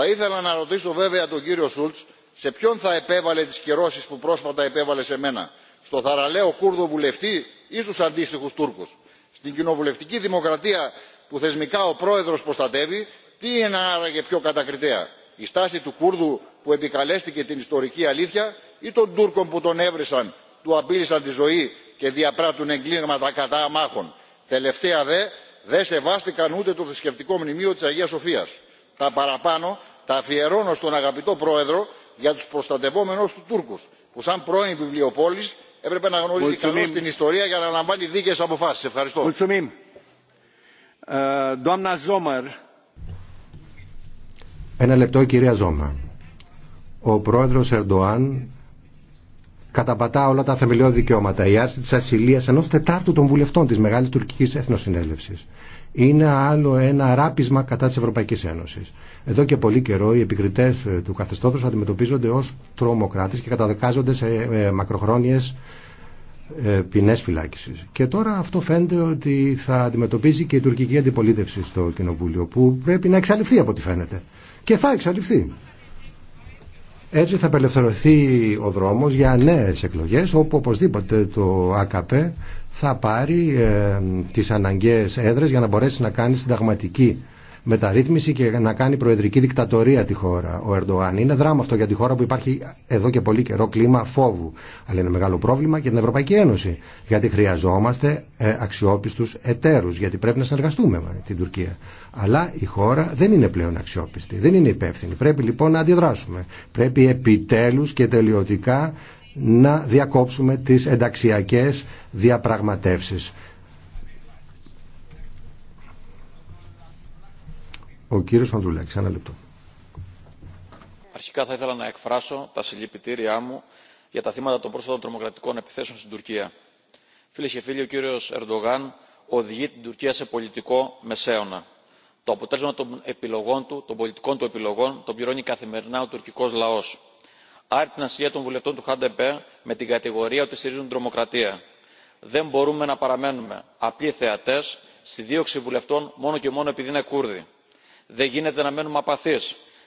Speaker 7: Θα ήθελα να ρωτήσω βέβαια τον κύριο Σούλτς σε ποιον θα επέβαλε τι κυρώσει που πρόσφατα επέβαλε σε μένα. Στο θαραλέο Κούρδο βουλευτή ή στους αντίστοιχους Τούρκους. Στην κοινοβουλευτική δημοκρατία που θεσμικά ο πρόεδρος προστατεύει, τι είναι άραγε πιο κατακριτέα. Η στάση τουρκου στην Κούρδου που θεσμικα ο προεδρο προστατευει τι ειναι αραγε πιο κατακριτεα η σταση του κουρδου που επικαλεστηκε την ιστορική αλήθεια ή των Τούρκων που τον έβρισαν του απείλησαν τη ζωή και διαπράττουν εγκλήματα κατά αμάχων. τελευταία δε δεν σεβάστηκαν ούτε το θρησκευτικό μνημείο της αγίας σοφίας. τα παραπάνω τα αφιερώνω στον αγαπητό πρόεδρο για τους προστατευόμενους του τούρκους που σαν πρώην βιβλιοπόλης έπρεπε να γνωρίζει καλώ την ιστορία για να λαμβάνει δίκαιες αποφάσεις. ευχαριστώ.
Speaker 8: Ε,
Speaker 5: Ένα λεπτό κυρία Ζώμα καταπατά όλα τα θεμελιώδη δικαιώματα. Η άρση τη ασυλίας ενό τετάρτου των βουλευτών τη μεγάλη τουρκική Εθνοσυνέλευση είναι άλλο ένα ράπισμα κατά τη Ευρωπαϊκή Ένωση. Εδώ και πολύ καιρό οι επικριτέ του καθεστώτο αντιμετωπίζονται ως τρομοκράτες και καταδικάζονται σε ε, μακροχρόνιε ε, ποινέ φυλάκιση. Και τώρα αυτό φαίνεται ότι θα αντιμετωπίζει και η τουρκική αντιπολίτευση στο Κοινοβούλιο που πρέπει να εξαλειφθεί από ό,τι φαίνεται. Και θα εξαλειφθεί. Έτσι θα απελευθερωθεί ο δρόμος για νέες εκλογές όπου οπωσδήποτε το ΑΚΠ θα πάρει ε, τις αναγκαίες έδρες για να μπορέσει να κάνει συνταγματική μεταρρύθμιση και να κάνει προεδρική δικτατορία τη χώρα ο Ερντοάν Είναι δράμα αυτό για τη χώρα που υπάρχει εδώ και πολύ καιρό κλίμα φόβου. Αλλά είναι μεγάλο πρόβλημα για την Ευρωπαϊκή Ένωση. Γιατί χρειαζόμαστε ε, αξιόπιστου εταίρου. Γιατί πρέπει να συνεργαστούμε με την Τουρκία. Αλλά η χώρα δεν είναι πλέον αξιόπιστη, δεν είναι υπεύθυνη. Πρέπει λοιπόν να αντιδράσουμε. Πρέπει επιτέλους και τελειωτικά να διακόψουμε τις ενταξιακές διαπραγματεύσεις. Ο κύριος ένα λεπτό.
Speaker 9: Αρχικά θα ήθελα να εκφράσω τα συλληπιτήριά μου για τα θύματα των πρόσφατων τρομοκρατικών επιθέσεων στην Τουρκία. Φίλε και φίλοι, ο κύριος Ερντογάν οδηγεί την Τουρκία σε πολιτικό μεσαίωνα το αποτέλεσμα των επιλογών του των πολιτικών του επιλογών τον πληρώνει καθημερινά ο τουρκικό λαό. Άρει την ασυλία των βουλευτών του ΧΑΝΤΕΠΕ με την κατηγορία ότι στηρίζουν την τρομοκρατία. Δεν μπορούμε να παραμένουμε απλοί θεατέ στη δίωξη βουλευτών μόνο και μόνο επειδή είναι Κούρδοι. Δεν γίνεται να μένουμε απαθεί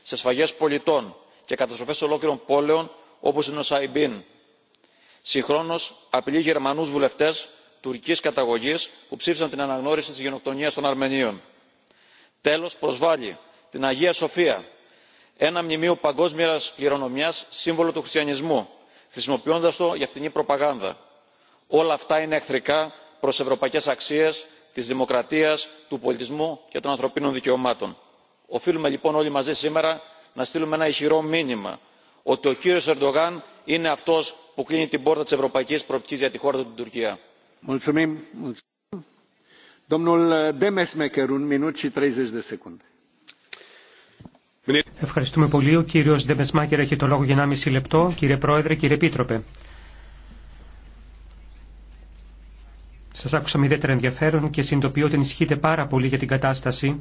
Speaker 9: σε σφαγέ πολιτών και καταστροφέ ολόκληρων πόλεων όπω είναι ο Σαϊμπίν. Συγχρόνω απειλεί Γερμανού βουλευτέ τουρκική καταγωγή που ψήφισαν την αναγνώριση τη γενοκτονία των Αρμενίων τέλος προσβάλλει την αγία σοφία ένα μνημείο παγκόσμιας κληρονομιάς σύμβολο του χριστιανισμού χρησιμοποιώντας το για φθηνή προπαγάνδα. όλα αυτά είναι εχθρικά προς ευρωπαϊκές αξίες της δημοκρατίας του πολιτισμού και των ανθρωπίνων δικαιωμάτων. οφείλουμε λοιπόν όλοι μαζί σήμερα να στείλουμε ένα ηχηρό μήνυμα ότι ο κύριος ερντογάν είναι αυτός που κλείνει την πόρτα της ευρωπαϊκής προοπτικής για τη χώρα του την τουρκία.
Speaker 6: Ευχαριστούμε πολύ. Ο κύριο Ντεμεσμάκερ έχει το λόγο για 1,5 λεπτό. Κύριε Πρόεδρε, κύριε Επίτροπε. Σα άκουσα με ιδιαίτερα ενδιαφέρον και συνειδητοποιώ ότι ενισχύετε πάρα πολύ για την κατάσταση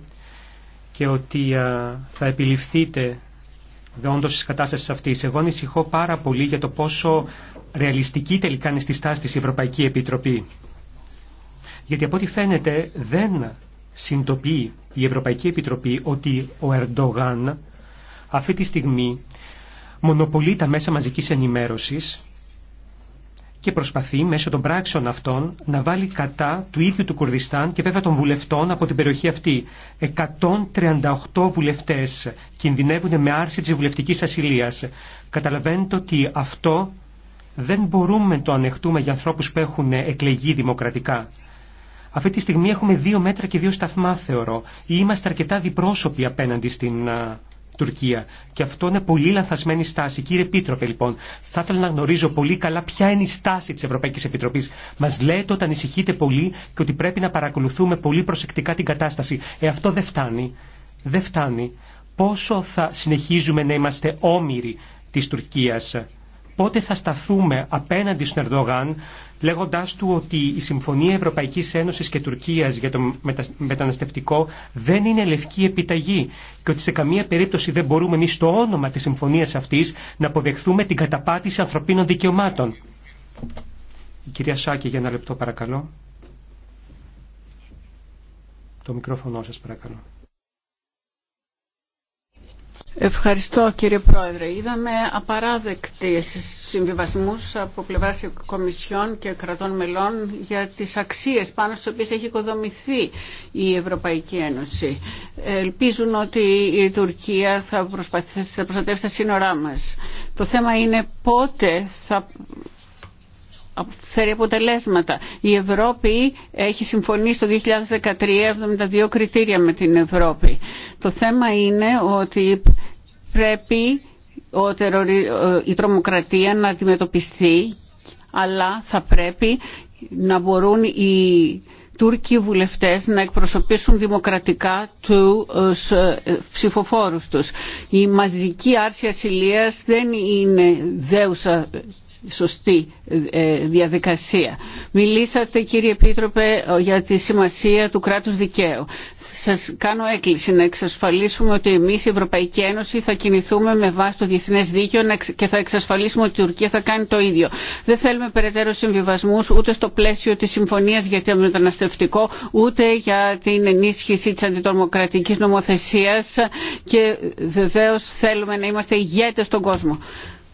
Speaker 6: και ότι θα επιληφθείτε όντω τη κατάσταση αυτή. Εγώ ανησυχώ πάρα πολύ για το πόσο ρεαλιστική τελικά είναι στη στάση τη Ευρωπαϊκή Επιτροπή. Γιατί από ό,τι φαίνεται δεν συντοπεί η Ευρωπαϊκή Επιτροπή ότι ο Ερντογάν αυτή τη στιγμή μονοπολεί τα μέσα μαζικής ενημέρωσης και προσπαθεί μέσω των πράξεων αυτών να βάλει κατά του ίδιου του Κουρδιστάν και βέβαια των βουλευτών από την περιοχή αυτή. 138 βουλευτές κινδυνεύουν με άρση της βουλευτικής ασυλίας. Καταλαβαίνετε ότι αυτό δεν μπορούμε να το ανεχτούμε για ανθρώπους που έχουν εκλεγεί δημοκρατικά. Αυτή τη στιγμή έχουμε δύο μέτρα και δύο σταθμά, θεωρώ. Ή είμαστε αρκετά διπρόσωποι απέναντι στην Τουρκία. Και αυτό είναι πολύ λανθασμένη στάση. Κύριε Επίτροπε, λοιπόν, θα ήθελα να γνωρίζω πολύ καλά ποια είναι η στάση τη Ευρωπαϊκή Επιτροπή. Μα λέτε ότι ανησυχείτε πολύ και ότι πρέπει να παρακολουθούμε πολύ προσεκτικά την κατάσταση. Ε, αυτό δεν φτάνει. Δεν φτάνει. Πόσο θα συνεχίζουμε να είμαστε όμοιροι της Τουρκίας. Πότε θα συνεχιζουμε να ειμαστε ομοιροι τη τουρκια ποτε θα σταθουμε απεναντι στον Ερντογάν λέγοντά του ότι η Συμφωνία Ευρωπαϊκή Ένωση και Τουρκία για το μεταναστευτικό δεν είναι λευκή επιταγή και ότι σε καμία περίπτωση δεν μπορούμε εμεί στο όνομα τη συμφωνία αυτή να αποδεχθούμε την καταπάτηση ανθρωπίνων δικαιωμάτων. Η κυρία Σάκη, για ένα λεπτό παρακαλώ. Το μικρόφωνο σας παρακαλώ.
Speaker 1: Ευχαριστώ κύριε Πρόεδρε. Είδαμε απαράδεκτες συμβιβασμούς από πλευράς κομισιών και κρατών μελών για τις αξίες πάνω στις οποίες έχει οικοδομηθεί η Ευρωπαϊκή Ένωση. Ελπίζουν ότι η Τουρκία θα, προσπαθήσει, θα προστατεύσει τα σύνορά μας. Το θέμα είναι πότε θα φέρει αποτελέσματα. Η Ευρώπη έχει συμφωνήσει το 2013 72 κριτήρια με την Ευρώπη. Το θέμα είναι ότι πρέπει η τρομοκρατία να αντιμετωπιστεί αλλά θα πρέπει να μπορούν οι Τούρκοι βουλευτές να εκπροσωπήσουν δημοκρατικά τους ε, ψηφοφόρους τους. Η μαζική άρση ασυλίας δεν είναι δέουσα σωστή ε, διαδικασία. Μιλήσατε κύριε Επίτροπε για τη σημασία του κράτους δικαίου. Σας κάνω έκκληση να εξασφαλίσουμε ότι εμείς η Ευρωπαϊκή Ένωση θα κινηθούμε με βάση το διεθνές δίκαιο και θα εξασφαλίσουμε ότι η Τουρκία θα κάνει το ίδιο. Δεν θέλουμε περαιτέρω συμβιβασμούς ούτε στο πλαίσιο της συμφωνίας για το μεταναστευτικό ούτε για την ενίσχυση της αντιτομοκρατικής νομοθεσίας και βεβαίως θέλουμε να είμαστε ηγέτες στον κόσμο.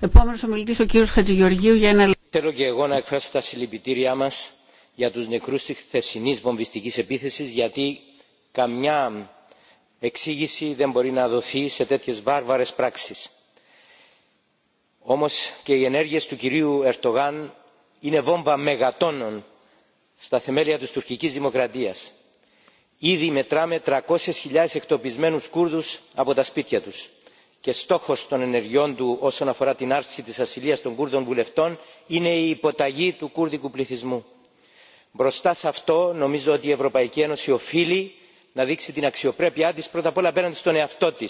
Speaker 1: Επόμενος ομιλητής ο κύριος Χατζηγεωργίου για ένα λεπτό.
Speaker 10: Θέλω και εγώ να εκφράσω τα συλληπιτήριά μας για τους νεκρούς της χθεσινής βομβιστικής επίθεσης γιατί καμιά εξήγηση δεν μπορεί να δοθεί σε τέτοιες βάρβαρες πράξεις. Όμως και οι ενέργειες του κυρίου Ερτογάν είναι βόμβα μεγατόνων στα θεμέλια της τουρκικής δημοκρατίας. Ήδη μετράμε 300.000 εκτοπισμένους Κούρδους από τα σπίτια τους και στόχο των ενεργειών του όσον αφορά την άρση τη ασυλία των Κούρδων βουλευτών είναι η υποταγή του κούρδικου πληθυσμού. Μπροστά σε αυτό νομίζω ότι η Ευρωπαϊκή Ένωση οφείλει να δείξει την αξιοπρέπειά τη πρώτα απ' όλα απέναντι στον εαυτό τη.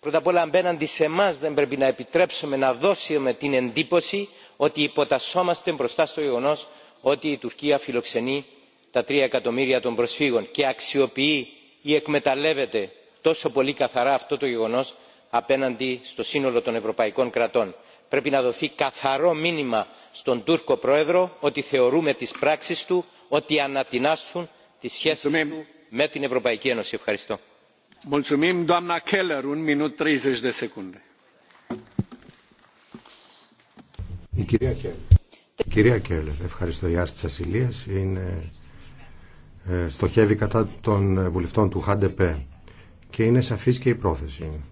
Speaker 10: Πρώτα απ' όλα απέναντι σε εμά δεν πρέπει να επιτρέψουμε να δώσουμε την εντύπωση ότι υποτασσόμαστε μπροστά στο γεγονό ότι η Τουρκία φιλοξενεί τα τρία εκατομμύρια των προσφύγων και αξιοποιεί ή εκμεταλλεύεται τόσο πολύ καθαρά αυτό το γεγονό απέναντι στο σύνολο των ευρωπαϊκών κρατών. πρέπει να δοθεί καθαρό μήνυμα στον τούρκο πρόεδρο ότι θεωρούμε τις πράξεις του ότι ανατινάσουν τις σχέσεις του με την ευρωπαϊκή ένωση. ευχαριστώ.
Speaker 5: Η κυρία Κέλλερ, Κέλλερ ευχαριστώ. Η άρση της ασυλίας είναι, ε, στοχεύει κατά των ε, βουλευτών του ΧΑΝΤΕΠΕ και είναι σαφής και η πρόθεση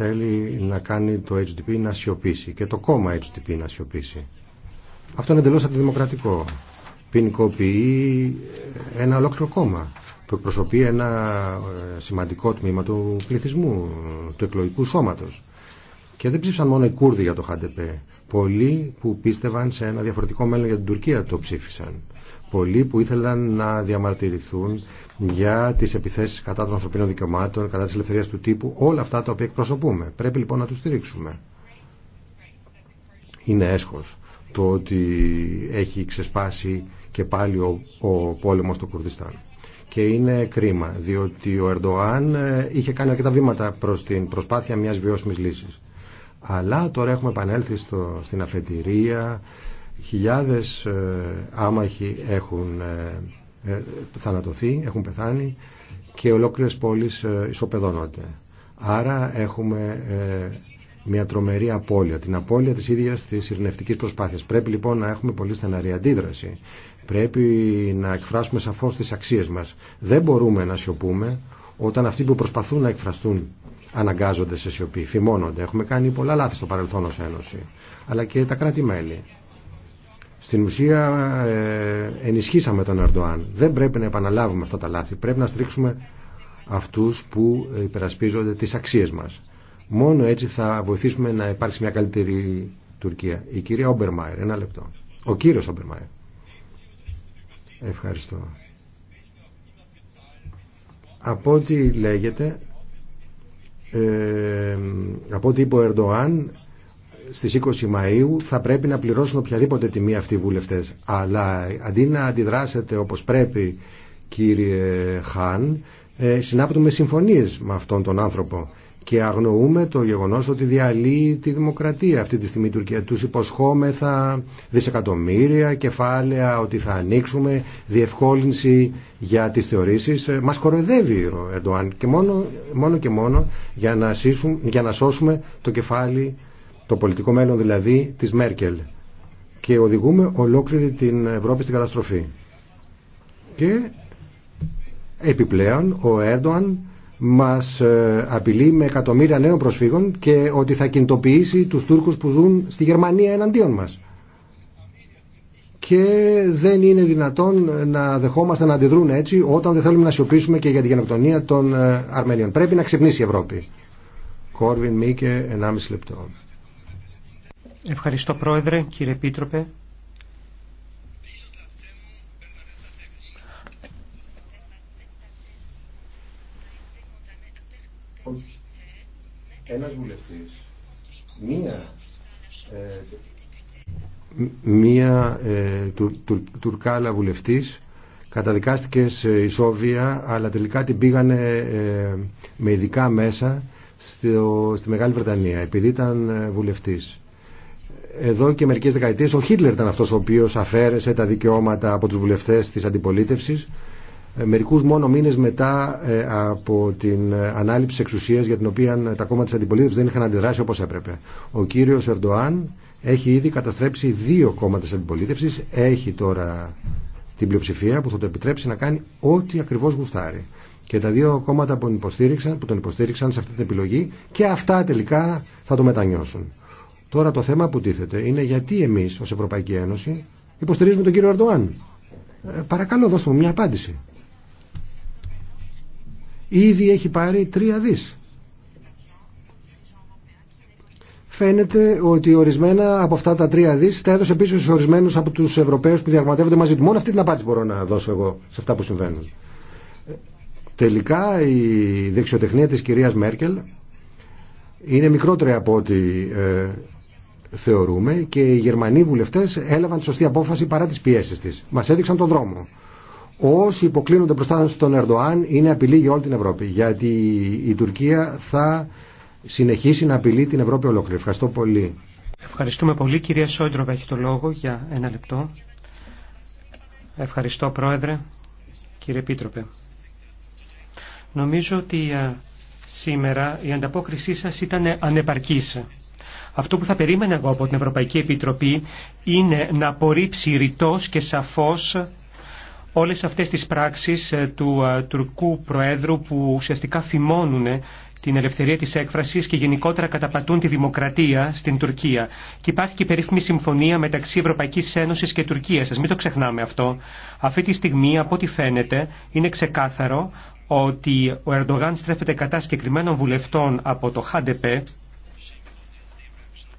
Speaker 5: θέλει να κάνει το HDP να σιωπήσει και το κόμμα HDP να σιωπήσει. Αυτό είναι εντελώ αντιδημοκρατικό. Ποινικοποιεί ένα ολόκληρο κόμμα που εκπροσωπεί ένα ε, σημαντικό τμήμα του πληθυσμού, του εκλογικού σώματος. Και δεν ψήφισαν μόνο οι Κούρδοι για το ΧΑΝΤΕΠΕ. Πολλοί που πίστευαν σε ένα διαφορετικό μέλλον για την Τουρκία το ψήφισαν πολλοί που ήθελαν να διαμαρτυρηθούν για τις επιθέσεις κατά των ανθρωπίνων δικαιωμάτων, κατά τη ελευθερία του τύπου, όλα αυτά τα οποία εκπροσωπούμε. Πρέπει λοιπόν να τους στηρίξουμε. Είναι έσχος το ότι έχει ξεσπάσει και πάλι ο, ο πόλεμος στο Κουρδιστάν. Και είναι κρίμα, διότι ο Ερντοάν ε, είχε κάνει αρκετά βήματα προ την προσπάθεια μια βιώσιμη λύση. Αλλά τώρα έχουμε επανέλθει στο, στην αφετηρία, Χιλιάδες ε, άμαχοι έχουν ε, ε, θανατωθεί, έχουν πεθάνει και ολόκληρες πόλεις ισοπεδώνονται. Άρα έχουμε μια τρομερή απώλεια, την απώλεια της ίδιας της ειρηνευτικής προσπάθειας. Πρέπει λοιπόν να έχουμε πολύ στεναρή αντίδραση. Πρέπει να εκφράσουμε σαφώς τις αξίες μας. Δεν μπορούμε να σιωπούμε όταν αυτοί που προσπαθούν να εκφραστούν αναγκάζονται σε σιωπή, φημώνονται. Έχουμε κάνει πολλά λάθη στο παρελθόν ως Ένωση, αλλά και τα κράτη-μέλη. Στην ουσία ε, ενισχύσαμε τον Ερντοάν. Δεν πρέπει να επαναλάβουμε αυτά τα λάθη. Πρέπει να στρίξουμε αυτούς που υπερασπίζονται τις αξίες μας. Μόνο έτσι θα βοηθήσουμε να υπάρξει μια καλύτερη Τουρκία. Η κυρία Όμπερμαϊρ, ένα λεπτό. Ο κύριος Όμπερμαϊρ. Ευχαριστώ. Από ό,τι λέγεται, ε, από ό,τι είπε ο Ερντοάν, στις 20 Μαΐου θα πρέπει να πληρώσουν οποιαδήποτε τιμή αυτοί οι βουλευτές. Αλλά αντί να αντιδράσετε όπως πρέπει κύριε Χάν, ε, συνάπτουμε συμφωνίες με αυτόν τον άνθρωπο και αγνοούμε το γεγονός ότι διαλύει τη δημοκρατία αυτή τη στιγμή η Τουρκία. Τους υποσχόμεθα δισεκατομμύρια, κεφάλαια, ότι θα ανοίξουμε, διευκόλυνση για τις θεωρήσεις. Ε, μας κοροϊδεύει ο Ερντοάν και μόνο, μόνο και μόνο για να, για να σώσουμε το κεφάλι το πολιτικό μέλλον δηλαδή της Μέρκελ και οδηγούμε ολόκληρη την Ευρώπη στην καταστροφή. Και επιπλέον ο Έρντοαν μας ε, απειλεί με εκατομμύρια νέων προσφύγων και ότι θα κινητοποιήσει τους Τούρκους που ζουν στη Γερμανία εναντίον μας. Και δεν είναι δυνατόν να δεχόμαστε να αντιδρούν έτσι όταν δεν θέλουμε να σιωπήσουμε και για την γενοκτονία των ε, Αρμενίων. Πρέπει να ξυπνήσει η Ευρώπη. Κόρβιν Μίκε, 1,5 λεπτό.
Speaker 6: Ευχαριστώ Πρόεδρε, κύριε Επίτροπε.
Speaker 5: Ένας βουλευτής, μία, ε, μία ε, τουρκάλα βουλευτής καταδικάστηκε σε ισόβια αλλά τελικά την πήγανε ε, με ειδικά μέσα στο, στη Μεγάλη Βρετανία επειδή ήταν βουλευτής εδώ και μερικέ δεκαετίε ο Χίτλερ ήταν αυτό ο οποίο αφαίρεσε τα δικαιώματα από του βουλευτέ τη αντιπολίτευση, ε, μερικού μόνο μήνε μετά ε, από την ε, ανάληψη εξουσία για την οποία τα κόμματα τη αντιπολίτευση δεν είχαν αντιδράσει όπω έπρεπε. Ο κύριο Ερντοάν έχει ήδη καταστρέψει δύο κόμματα τη αντιπολίτευση. έχει τώρα την πλειοψηφία που θα το επιτρέψει να κάνει ό,τι ακριβώ γουστάρει. Και τα δύο κόμματα που υποστήριξαν, που τον υποστήριξαν σε αυτή την επιλογή και αυτά τελικά θα το μετανιώσουν. Τώρα το θέμα που τίθεται είναι γιατί εμείς ως Ευρωπαϊκή Ένωση υποστηρίζουμε τον κύριο Ερντοάν. Ε, παρακαλώ δώστε μου μια απάντηση. Ήδη έχει πάρει τρία δις. Φαίνεται ότι ορισμένα από αυτά τα τρία δί τα έδωσε πίσω σε ορισμένους από τους Ευρωπαίους που διαπραγματεύονται μαζί του. Μόνο αυτή την απάντηση μπορώ να δώσω εγώ σε αυτά που συμβαίνουν. Τελικά η δεξιοτεχνία της κυρίας Μέρκελ είναι μικρότερη από ό,τι ε, θεωρούμε και οι Γερμανοί βουλευτέ έλαβαν τη σωστή απόφαση παρά τι πιέσει τη. Μα έδειξαν τον δρόμο. Όσοι υποκλίνονται μπροστά στον Ερντοάν είναι απειλή για όλη την Ευρώπη. Γιατί η Τουρκία θα συνεχίσει να απειλεί την Ευρώπη ολόκληρη. Ευχαριστώ πολύ.
Speaker 6: Ευχαριστούμε πολύ. Κυρία Σόντροβα έχει το λόγο για ένα λεπτό. Ευχαριστώ Πρόεδρε. Κύριε Επίτροπε. Νομίζω ότι ε, σήμερα η ανταπόκρισή σας ήταν ανεπαρκής. Αυτό που θα περίμενα εγώ από την Ευρωπαϊκή Επιτροπή είναι να απορρίψει ρητός και σαφώς όλες αυτές τις πράξεις ε, του ε, τουρκού προέδρου που ουσιαστικά φημώνουν ε, την ελευθερία της έκφρασης και γενικότερα καταπατούν τη δημοκρατία στην Τουρκία. Και υπάρχει και η περίφημη συμφωνία μεταξύ Ευρωπαϊκής Ένωσης και Τουρκίας. Ας μην το ξεχνάμε αυτό. Αυτή τη στιγμή, από ό,τι φαίνεται, είναι ξεκάθαρο ότι ο Ερντογάν στρέφεται κατά συγκεκριμένων βουλευτών από το ΧΑΝΤΕΠΕ,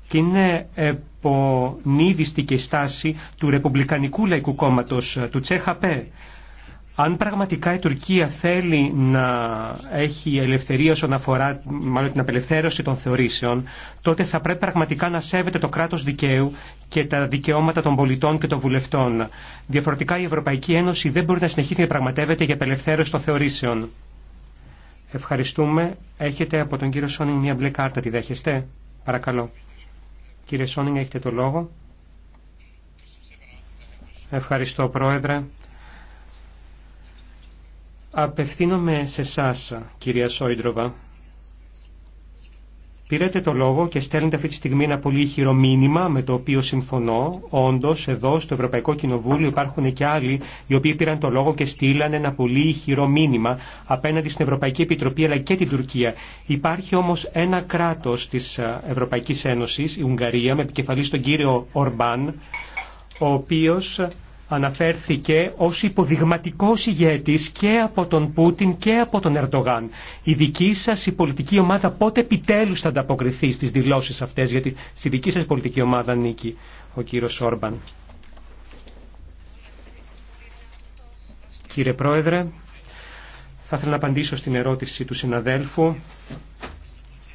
Speaker 6: και είναι επονίδιστη και στάση του Ρεπουμπλικανικού Λαϊκού Κόμματος, ε, του ΤΣΕΧΑΠΕ. Αν πραγματικά η Τουρκία θέλει να έχει ελευθερία όσον αφορά μάλλον την απελευθέρωση των θεωρήσεων, τότε θα πρέπει πραγματικά να σέβεται το κράτος δικαίου και τα δικαιώματα των πολιτών και των βουλευτών. Διαφορετικά η Ευρωπαϊκή Ένωση δεν μπορεί να συνεχίσει να πραγματεύεται για απελευθέρωση των θεωρήσεων. Ευχαριστούμε. Έχετε από τον κύριο Σόνιν μια μπλε κάρτα. Τη δέχεστε. Παρακαλώ. Κύριε Σόνιγκ, έχετε το λόγο. Ευχαριστώ, Πρόεδρε. Απευθύνομαι σε εσά, κυρία Σόιντροβα. Πήρατε το λόγο και στέλνετε αυτή τη στιγμή ένα πολύ ηχηρό μήνυμα με το οποίο συμφωνώ. Όντω, εδώ στο Ευρωπαϊκό Κοινοβούλιο υπάρχουν και άλλοι οι οποίοι πήραν το λόγο και στείλανε ένα πολύ ηχηρό μήνυμα απέναντι στην Ευρωπαϊκή Επιτροπή αλλά και την Τουρκία. Υπάρχει όμω ένα κράτο τη ε, Ευρωπαϊκή Ένωση, η Ουγγαρία, με επικεφαλή τον κύριο Ορμπάν, ο οποίο αναφέρθηκε ως υποδειγματικός ηγέτης και από τον Πούτιν και από τον Ερντογάν. Η δική σας η πολιτική ομάδα πότε επιτέλους θα ανταποκριθεί στις δηλώσεις αυτές, γιατί στη δική σας πολιτική ομάδα νίκη ο κύριος Όρμπαν. Κύριε Πρόεδρε, θα ήθελα να απαντήσω στην ερώτηση του συναδέλφου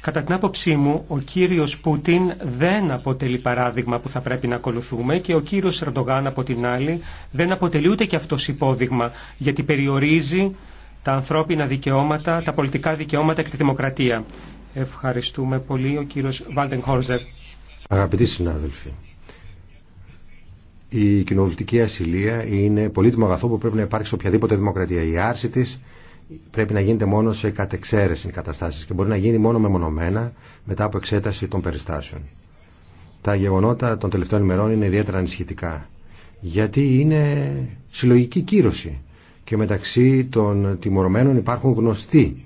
Speaker 6: Κατά την άποψή μου, ο κύριος Πούτιν δεν αποτελεί παράδειγμα που θα πρέπει να ακολουθούμε και ο κύριος Ερντογάν από την άλλη δεν αποτελεί ούτε και αυτός υπόδειγμα, γιατί περιορίζει τα ανθρώπινα δικαιώματα, τα πολιτικά δικαιώματα και τη δημοκρατία. Ευχαριστούμε πολύ ο κύριος Βάλτεν Χόρζερ.
Speaker 5: Αγαπητοί συνάδελφοι, η κοινοβουλευτική ασυλία είναι πολύτιμο αγαθό που πρέπει να υπάρξει σε οποιαδήποτε δημοκρατία. Η άρση της πρέπει να γίνεται μόνο σε κατεξαίρεση καταστάσει και μπορεί να γίνει μόνο μεμονωμένα μετά από εξέταση των περιστάσεων. Τα γεγονότα των τελευταίων ημερών είναι ιδιαίτερα ανησυχητικά γιατί είναι συλλογική κύρωση και μεταξύ των τιμωρωμένων υπάρχουν γνωστοί.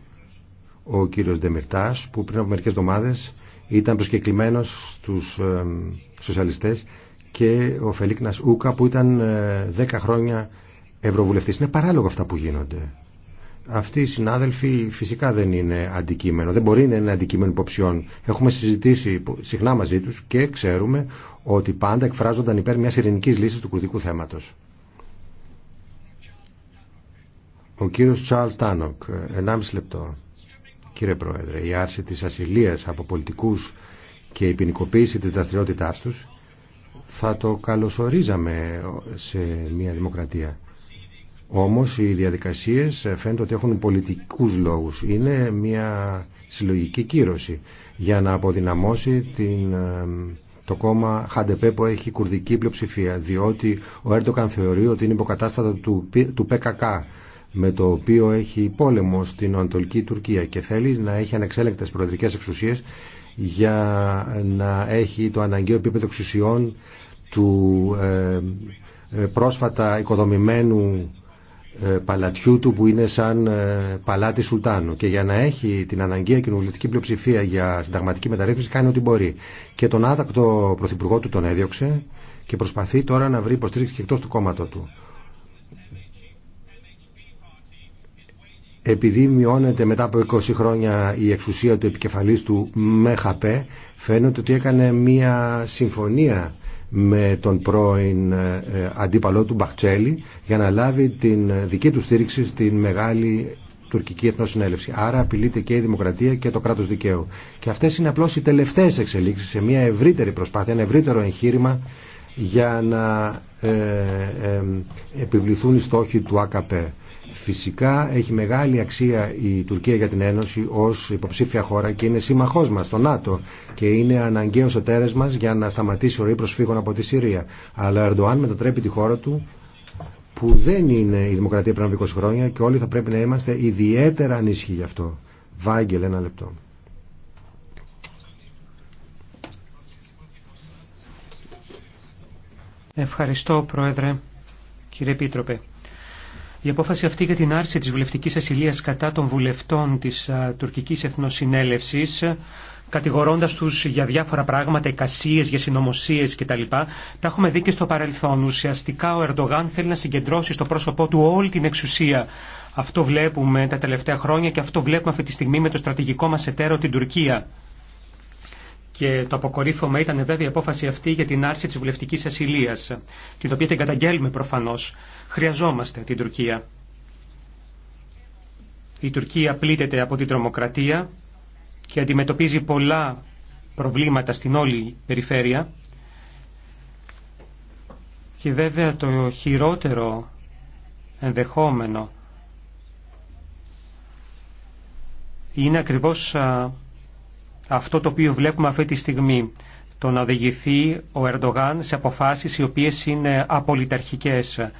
Speaker 5: Ο κύριο Ντεμιρτά, που πριν από μερικέ εβδομάδε ήταν προσκεκλημένος στους σοσιαλιστέ και ο Φελίκνα Ούκα που ήταν 10 ε, χρόνια ευρωβουλευτή. Είναι παράλογο αυτά που γίνονται. Αυτοί οι συνάδελφοι φυσικά δεν είναι αντικείμενο, δεν μπορεί να είναι αντικείμενο υποψιών. Έχουμε συζητήσει συχνά μαζί του και ξέρουμε ότι πάντα εκφράζονταν υπέρ μια ειρηνική λύσης του κουρδικού θέματος. Ο κύριος Τσάρλ Τάνοκ, 1,5 λεπτό. Κύριε Πρόεδρε, η άρση της ασυλίας από πολιτικούς και η ποινικοποίηση τη δραστηριότητά του θα το καλωσορίζαμε σε μια δημοκρατία. Όμως οι διαδικασίες ε, φαίνεται ότι έχουν πολιτικούς λόγους. Είναι μια συλλογική κύρωση για να αποδυναμώσει την, ε, το κόμμα Χαντεπέ που έχει κουρδική πλειοψηφία διότι ο Έρντοκαν θεωρεί ότι είναι υποκατάστατο του, του ΠΚΚ με το οποίο έχει πόλεμο στην Ανατολική Τουρκία και θέλει να έχει ανεξέλεγκτες προεδρικές εξουσίες για να έχει το αναγκαίο επίπεδο εξουσιών του ε, πρόσφατα οικοδομημένου ε, παλατιού του που είναι σαν ε, παλάτι Σουλτάνου και για να έχει την αναγκαία κοινοβουλευτική πλειοψηφία για συνταγματική μεταρρύθμιση κάνει ό,τι μπορεί. Και τον άτακτο πρωθυπουργό του τον έδιωξε και προσπαθεί τώρα να βρει υποστήριξη και εκτός του κόμματο του. επειδή μειώνεται μετά από 20 χρόνια η εξουσία του επικεφαλής του ΜΕΧΑΠΕ φαίνεται ότι έκανε μία συμφωνία με τον πρώην ε, αντίπαλό του Μπαχτσέλη για να λάβει την ε, δική του στήριξη στην μεγάλη τουρκική εθνοσυνέλευση. Άρα απειλείται και η δημοκρατία και το κράτος δικαίου. Και αυτές είναι απλώς οι τελευταίες εξελίξεις σε μια ευρύτερη προσπάθεια, ένα ευρύτερο εγχείρημα για να ε, ε επιβληθούν οι στόχοι του ΑΚΠ. Φυσικά έχει μεγάλη αξία η Τουρκία για την Ένωση ως υποψήφια χώρα και είναι σύμμαχός μας στο ΝΑΤΟ και είναι αναγκαίος ο μας για να σταματήσει ο ροή προσφύγων από τη Συρία. Αλλά ο Ερντοάν μετατρέπει τη χώρα του που δεν είναι η δημοκρατία πριν από 20 χρόνια και όλοι θα πρέπει να είμαστε ιδιαίτερα ανήσυχοι γι' αυτό. Βάγγελ, ένα λεπτό.
Speaker 6: Ευχαριστώ, Πρόεδρε, κύριε Επίτροπε. Η απόφαση αυτή για την άρση της βουλευτικής ασυλίας κατά των βουλευτών της τουρκικής εθνοσυνέλευσης κατηγορώντας τους για διάφορα πράγματα, εικασίες, για συνωμοσίε κτλ. Τα έχουμε δει και στο παρελθόν. Ουσιαστικά ο Ερντογάν θέλει να συγκεντρώσει στο πρόσωπό του όλη την εξουσία. Αυτό βλέπουμε τα τελευταία χρόνια και αυτό βλέπουμε αυτή τη στιγμή με το στρατηγικό μας εταίρο την Τουρκία. Και το αποκορύφωμα ήταν βέβαια η απόφαση αυτή για την άρση τη βουλευτική ασυλία, την οποία την καταγγέλουμε προφανώ. Χρειαζόμαστε την Τουρκία. Η Τουρκία πλήττεται από την τρομοκρατία και αντιμετωπίζει πολλά προβλήματα στην όλη περιφέρεια. Και βέβαια το χειρότερο ενδεχόμενο είναι ακριβώς αυτό το οποίο βλέπουμε αυτή τη στιγμή. Το να οδηγηθεί ο Ερντογάν σε αποφάσεις οι οποίες είναι απολυταρχικές.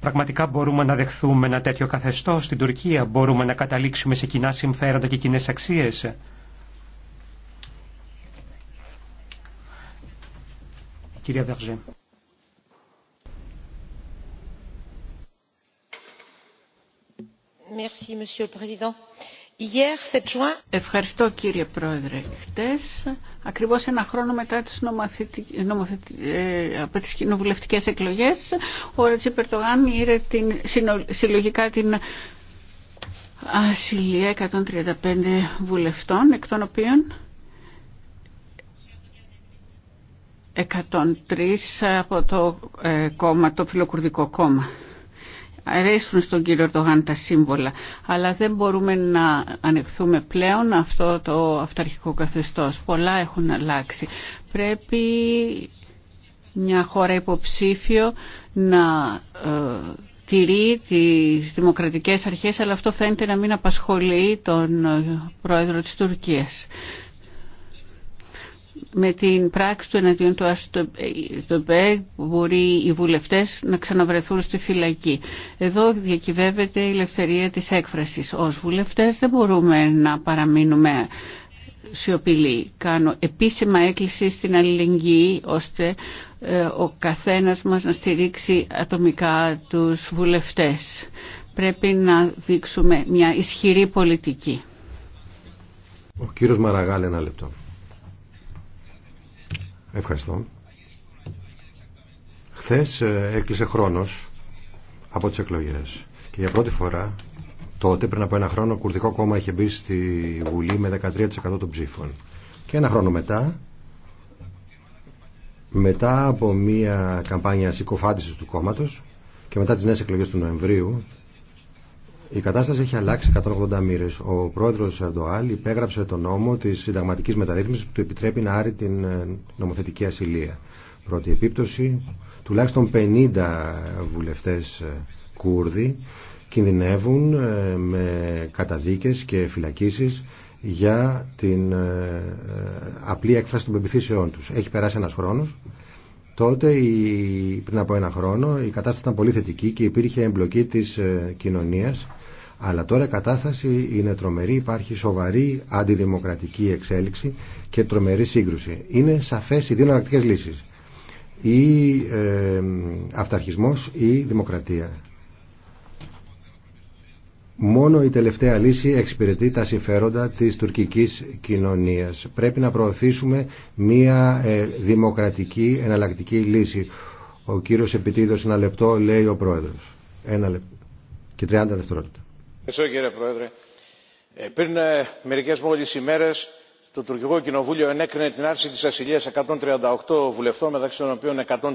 Speaker 6: Πραγματικά μπορούμε να δεχθούμε ένα τέτοιο καθεστώς στην Τουρκία. Μπορούμε να καταλήξουμε σε κοινά συμφέροντα και κοινέ αξίες. Κυρία
Speaker 1: Merci, Monsieur le Président. Ευχαριστώ κύριε Πρόεδρε. Χτες, ακριβώς ένα χρόνο μετά τις ε, από τις κοινοβουλευτικές εκλογές, ο Ρατζή Περτογάν ήρε συλλογικά την ασυλία 135 βουλευτών, εκ των οποίων 103 από το ε, κόμμα, το φιλοκουρδικό κόμμα αρέσουν στον κύριο Ερντογάν τα σύμβολα, αλλά δεν μπορούμε να ανεχθούμε πλέον αυτό το αυταρχικό καθεστώς. Πολλά έχουν αλλάξει. Πρέπει μια χώρα υποψήφιο να ε, τηρεί τις δημοκρατικές αρχές, αλλά αυτό φαίνεται να μην απασχολεί τον ε, πρόεδρο της Τουρκίας με την πράξη του εναντίον του Αστομπέκ μπορεί οι βουλευτές να ξαναβρεθούν στη φυλακή. Εδώ διακυβεύεται η ελευθερία της έκφρασης. Ως βουλευτές δεν μπορούμε να παραμείνουμε σιωπηλοί. Κάνω επίσημα έκκληση στην αλληλεγγύη ώστε ε, ο καθένας μας να στηρίξει ατομικά τους βουλευτές. Πρέπει να δείξουμε μια ισχυρή πολιτική.
Speaker 5: Ο κύριος Μαραγάλη ένα λεπτό. Ευχαριστώ. Χθε ε, έκλεισε χρόνος από τις εκλογές και για πρώτη φορά τότε πριν από ένα χρόνο ο κουρδικό κόμμα είχε μπει στη Βουλή με 13% των ψήφων. Και ένα χρόνο μετά μετά από μια καμπάνια συκοφάντησης του κόμματο και μετά τις νέες εκλογές του Νοεμβρίου η κατάσταση έχει αλλάξει 180 μοίρε. Ο πρόεδρο Ερντοάλ υπέγραψε τον νόμο τη συνταγματική μεταρρύθμιση που του επιτρέπει να άρει την ε, νομοθετική ασυλία. Πρώτη επίπτωση, τουλάχιστον 50 βουλευτέ ε, Κούρδοι κινδυνεύουν ε, με καταδίκες και φυλακίσεις για την απλή έκφραση των πεπιθήσεών τους. Έχει περάσει ένας χρόνος Τότε, πριν από ένα χρόνο, η κατάσταση ήταν πολύ θετική και υπήρχε εμπλοκή της ε, κοινωνίας. Αλλά τώρα η κατάσταση είναι τρομερή, υπάρχει σοβαρή αντιδημοκρατική εξέλιξη και τρομερή σύγκρουση. Είναι σαφές οι δύο λύσεις. Ή ε, αυταρχισμός ή δημοκρατία. Μόνο η τελευταία λύση εξυπηρετεί τα συμφέροντα της τουρκικής κοινωνίας. Πρέπει να προωθήσουμε μία ε, δημοκρατική εναλλακτική λύση. Ο κύριος Επιτίδος ένα λεπτό λέει ο πρόεδρος. Ένα λεπτό και 30 δευτερόλεπτα.
Speaker 11: Ευχαριστώ κύριε πρόεδρε. Ε, πριν ε, μερικές μόλις ημέρες το τουρκικό κοινοβούλιο ενέκρινε την άρση της ασυλίας 138 βουλευτών μεταξύ των οποίων 103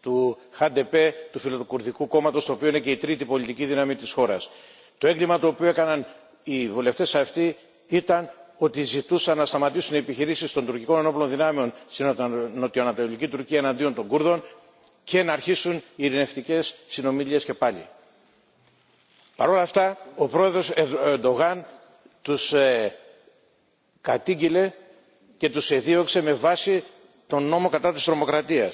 Speaker 11: του ΧΑΝΤΕΠΕ του φιλοκουρδικού κόμματος το οποίο είναι και η τρίτη πολιτική δύναμη της χώρας το έγκλημα το οποίο έκαναν οι βουλευτέ αυτοί ήταν ότι ζητούσαν να σταματήσουν οι επιχειρήσει των τουρκικών ενόπλων δυνάμεων στην νοτιοανατολική τουρκία εναντίον των κούρδων και να αρχίσουν οι ειρηνευτικές συνομιλίε και πάλι. παρ' όλα αυτά ο πρόεδρος ερντογάν τους ε, κατήγγειλε και τους εδίωξε με βάση τον νόμο κατά τη τρομοκρατία.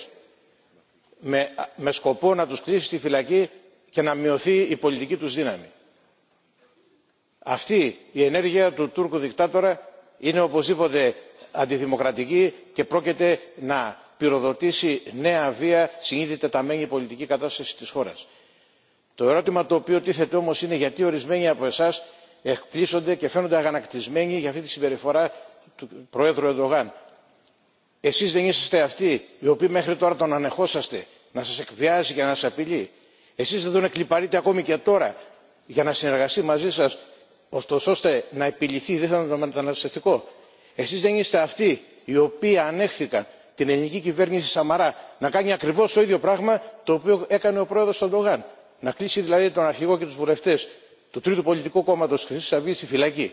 Speaker 11: με σκοπό να του κλείσει στη φυλακή και να μειωθεί η πολιτική του δύναμη αυτή η ενέργεια του τούρκου δικτάτορα είναι οπωσδήποτε αντιδημοκρατική και πρόκειται να πυροδοτήσει νέα βία ήδη τεταμένη πολιτική κατάσταση της χώρας. Το ερώτημα το οποίο τίθεται όμως είναι γιατί ορισμένοι από εσάς εκπλήσονται και φαίνονται αγανακτισμένοι για αυτή τη συμπεριφορά του Προέδρου Ερντογάν. Εσείς δεν είσαστε αυτοί οι οποίοι μέχρι τώρα τον ανεχόσαστε να σας εκβιάζει και να σας απειλεί. Εσείς δεν τον εκλυπαρείτε ακόμη και τώρα για να συνεργαστεί μαζί σας ωστόσο ώστε να επιληθεί δεν θα το μεταναστευτικό. Εσεί δεν είστε αυτοί οι οποίοι ανέχθηκαν την ελληνική κυβέρνηση Σαμαρά να κάνει ακριβώ το ίδιο πράγμα το οποίο έκανε ο πρόεδρο Ερντογάν. Να κλείσει δηλαδή τον αρχηγό και του βουλευτέ, του τρίτου πολιτικού Κόμματο Χρυσή Αυγή στη φυλακή.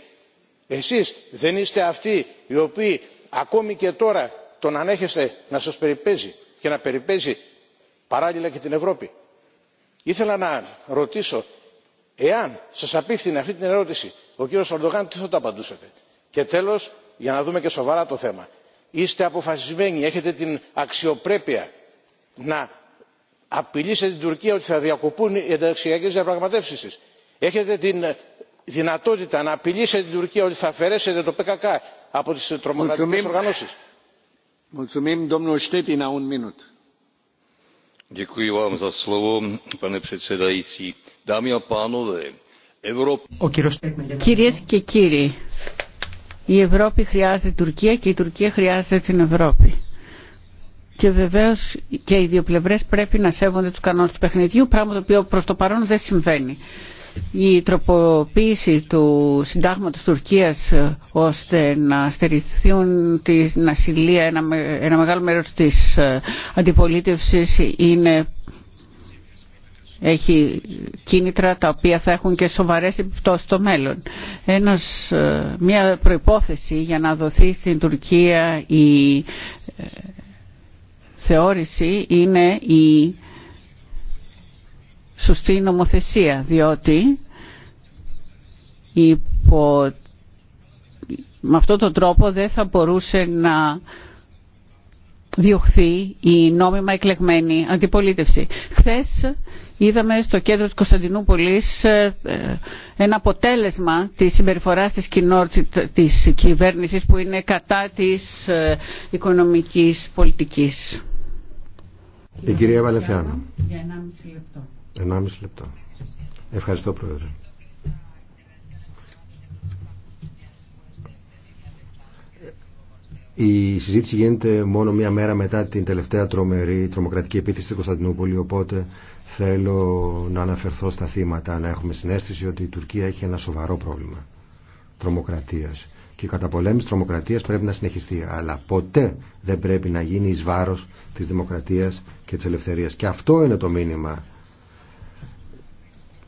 Speaker 11: Εσεί δεν είστε αυτοί οι οποίοι ακόμη και τώρα τον ανέχεστε να σα περιπέζει και να περιπέζει παράλληλα και την Ευρώπη. Ήθελα να ρωτήσω εάν σας απίφθινε αυτή την ερώτηση ο κύριος Ορντογάν, τι θα το απαντούσατε. και τέλος για να δούμε και σοβαρά το θέμα είστε αποφασισμένοι έχετε την αξιοπρέπεια να απειλήσετε την τουρκία ότι θα διακοπούν οι ενταξιακές διαπραγματεύσεις της. έχετε την δυνατότητα να απειλήσετε την τουρκία ότι θα αφαιρέσετε το πκκ από τις τρομοκρατικές οργανώσεις.
Speaker 1: Κυρίες και κύριοι, η Ευρώπη χρειάζεται την Τουρκία και η Τουρκία χρειάζεται την Ευρώπη. Και βεβαίως και οι δύο πλευρές πρέπει να σέβονται τους κανόνες του παιχνιδιού, πράγμα το οποίο προς το παρόν δεν συμβαίνει η τροποποίηση του συντάγματος Τουρκίας ε, ώστε να στερηθούν την ασυλία ένα, ένα μεγάλο μέρος της ε, αντιπολίτευσης είναι έχει κίνητρα τα οποία θα έχουν και σοβαρές επιπτώσεις στο μέλλον. Ένας, ε, μια προϋπόθεση για να δοθεί στην Τουρκία η θεώρηση είναι η σωστή νομοθεσία διότι υπό... με αυτόν τον τρόπο δεν θα μπορούσε να διωχθεί η νόμιμα εκλεγμένη αντιπολίτευση. Χθες είδαμε στο κέντρο της Κωνσταντινούπολης ε, ε, ένα αποτέλεσμα της συμπεριφοράς της, της κυβέρνησης που είναι κατά της ε, οικονομικής πολιτικής. Η κυρία
Speaker 5: 1,5 λεπτό. Ευχαριστώ Πρόεδρε. Η συζήτηση γίνεται μόνο μία μέρα μετά την τελευταία τρομερή τρομοκρατική επίθεση στην Κωνσταντινούπολη, οπότε θέλω να αναφερθώ στα θύματα, να έχουμε συνέστηση ότι η Τουρκία έχει ένα σοβαρό πρόβλημα τρομοκρατίας. Και η καταπολέμηση τρομοκρατίας πρέπει να συνεχιστεί, αλλά ποτέ δεν πρέπει να γίνει εις βάρος της δημοκρατίας και της ελευθερίας. Και αυτό είναι το μήνυμα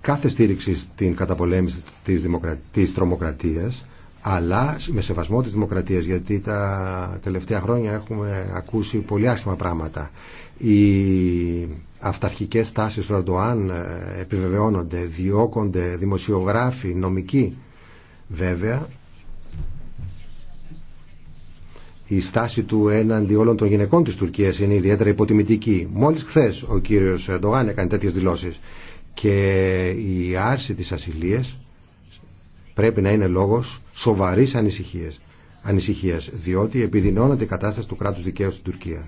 Speaker 5: κάθε στήριξη στην καταπολέμηση της, δημοκρα... τρομοκρατίας αλλά με σεβασμό της δημοκρατίας γιατί τα τελευταία χρόνια έχουμε ακούσει πολύ άσχημα πράγματα οι αυταρχικές τάσεις του Ερντοάν ε, επιβεβαιώνονται, διώκονται δημοσιογράφοι, νομικοί βέβαια η στάση του έναντι όλων των γυναικών της Τουρκίας είναι ιδιαίτερα υποτιμητική. Μόλις χθες ο κύριος Ερντογάν έκανε τέτοιες δηλώσεις και η άρση της ασυλίας πρέπει να είναι λόγος σοβαρής ανησυχίας, ανησυχίας διότι επιδεινώνεται η κατάσταση του κράτους δικαίου στην Τουρκία.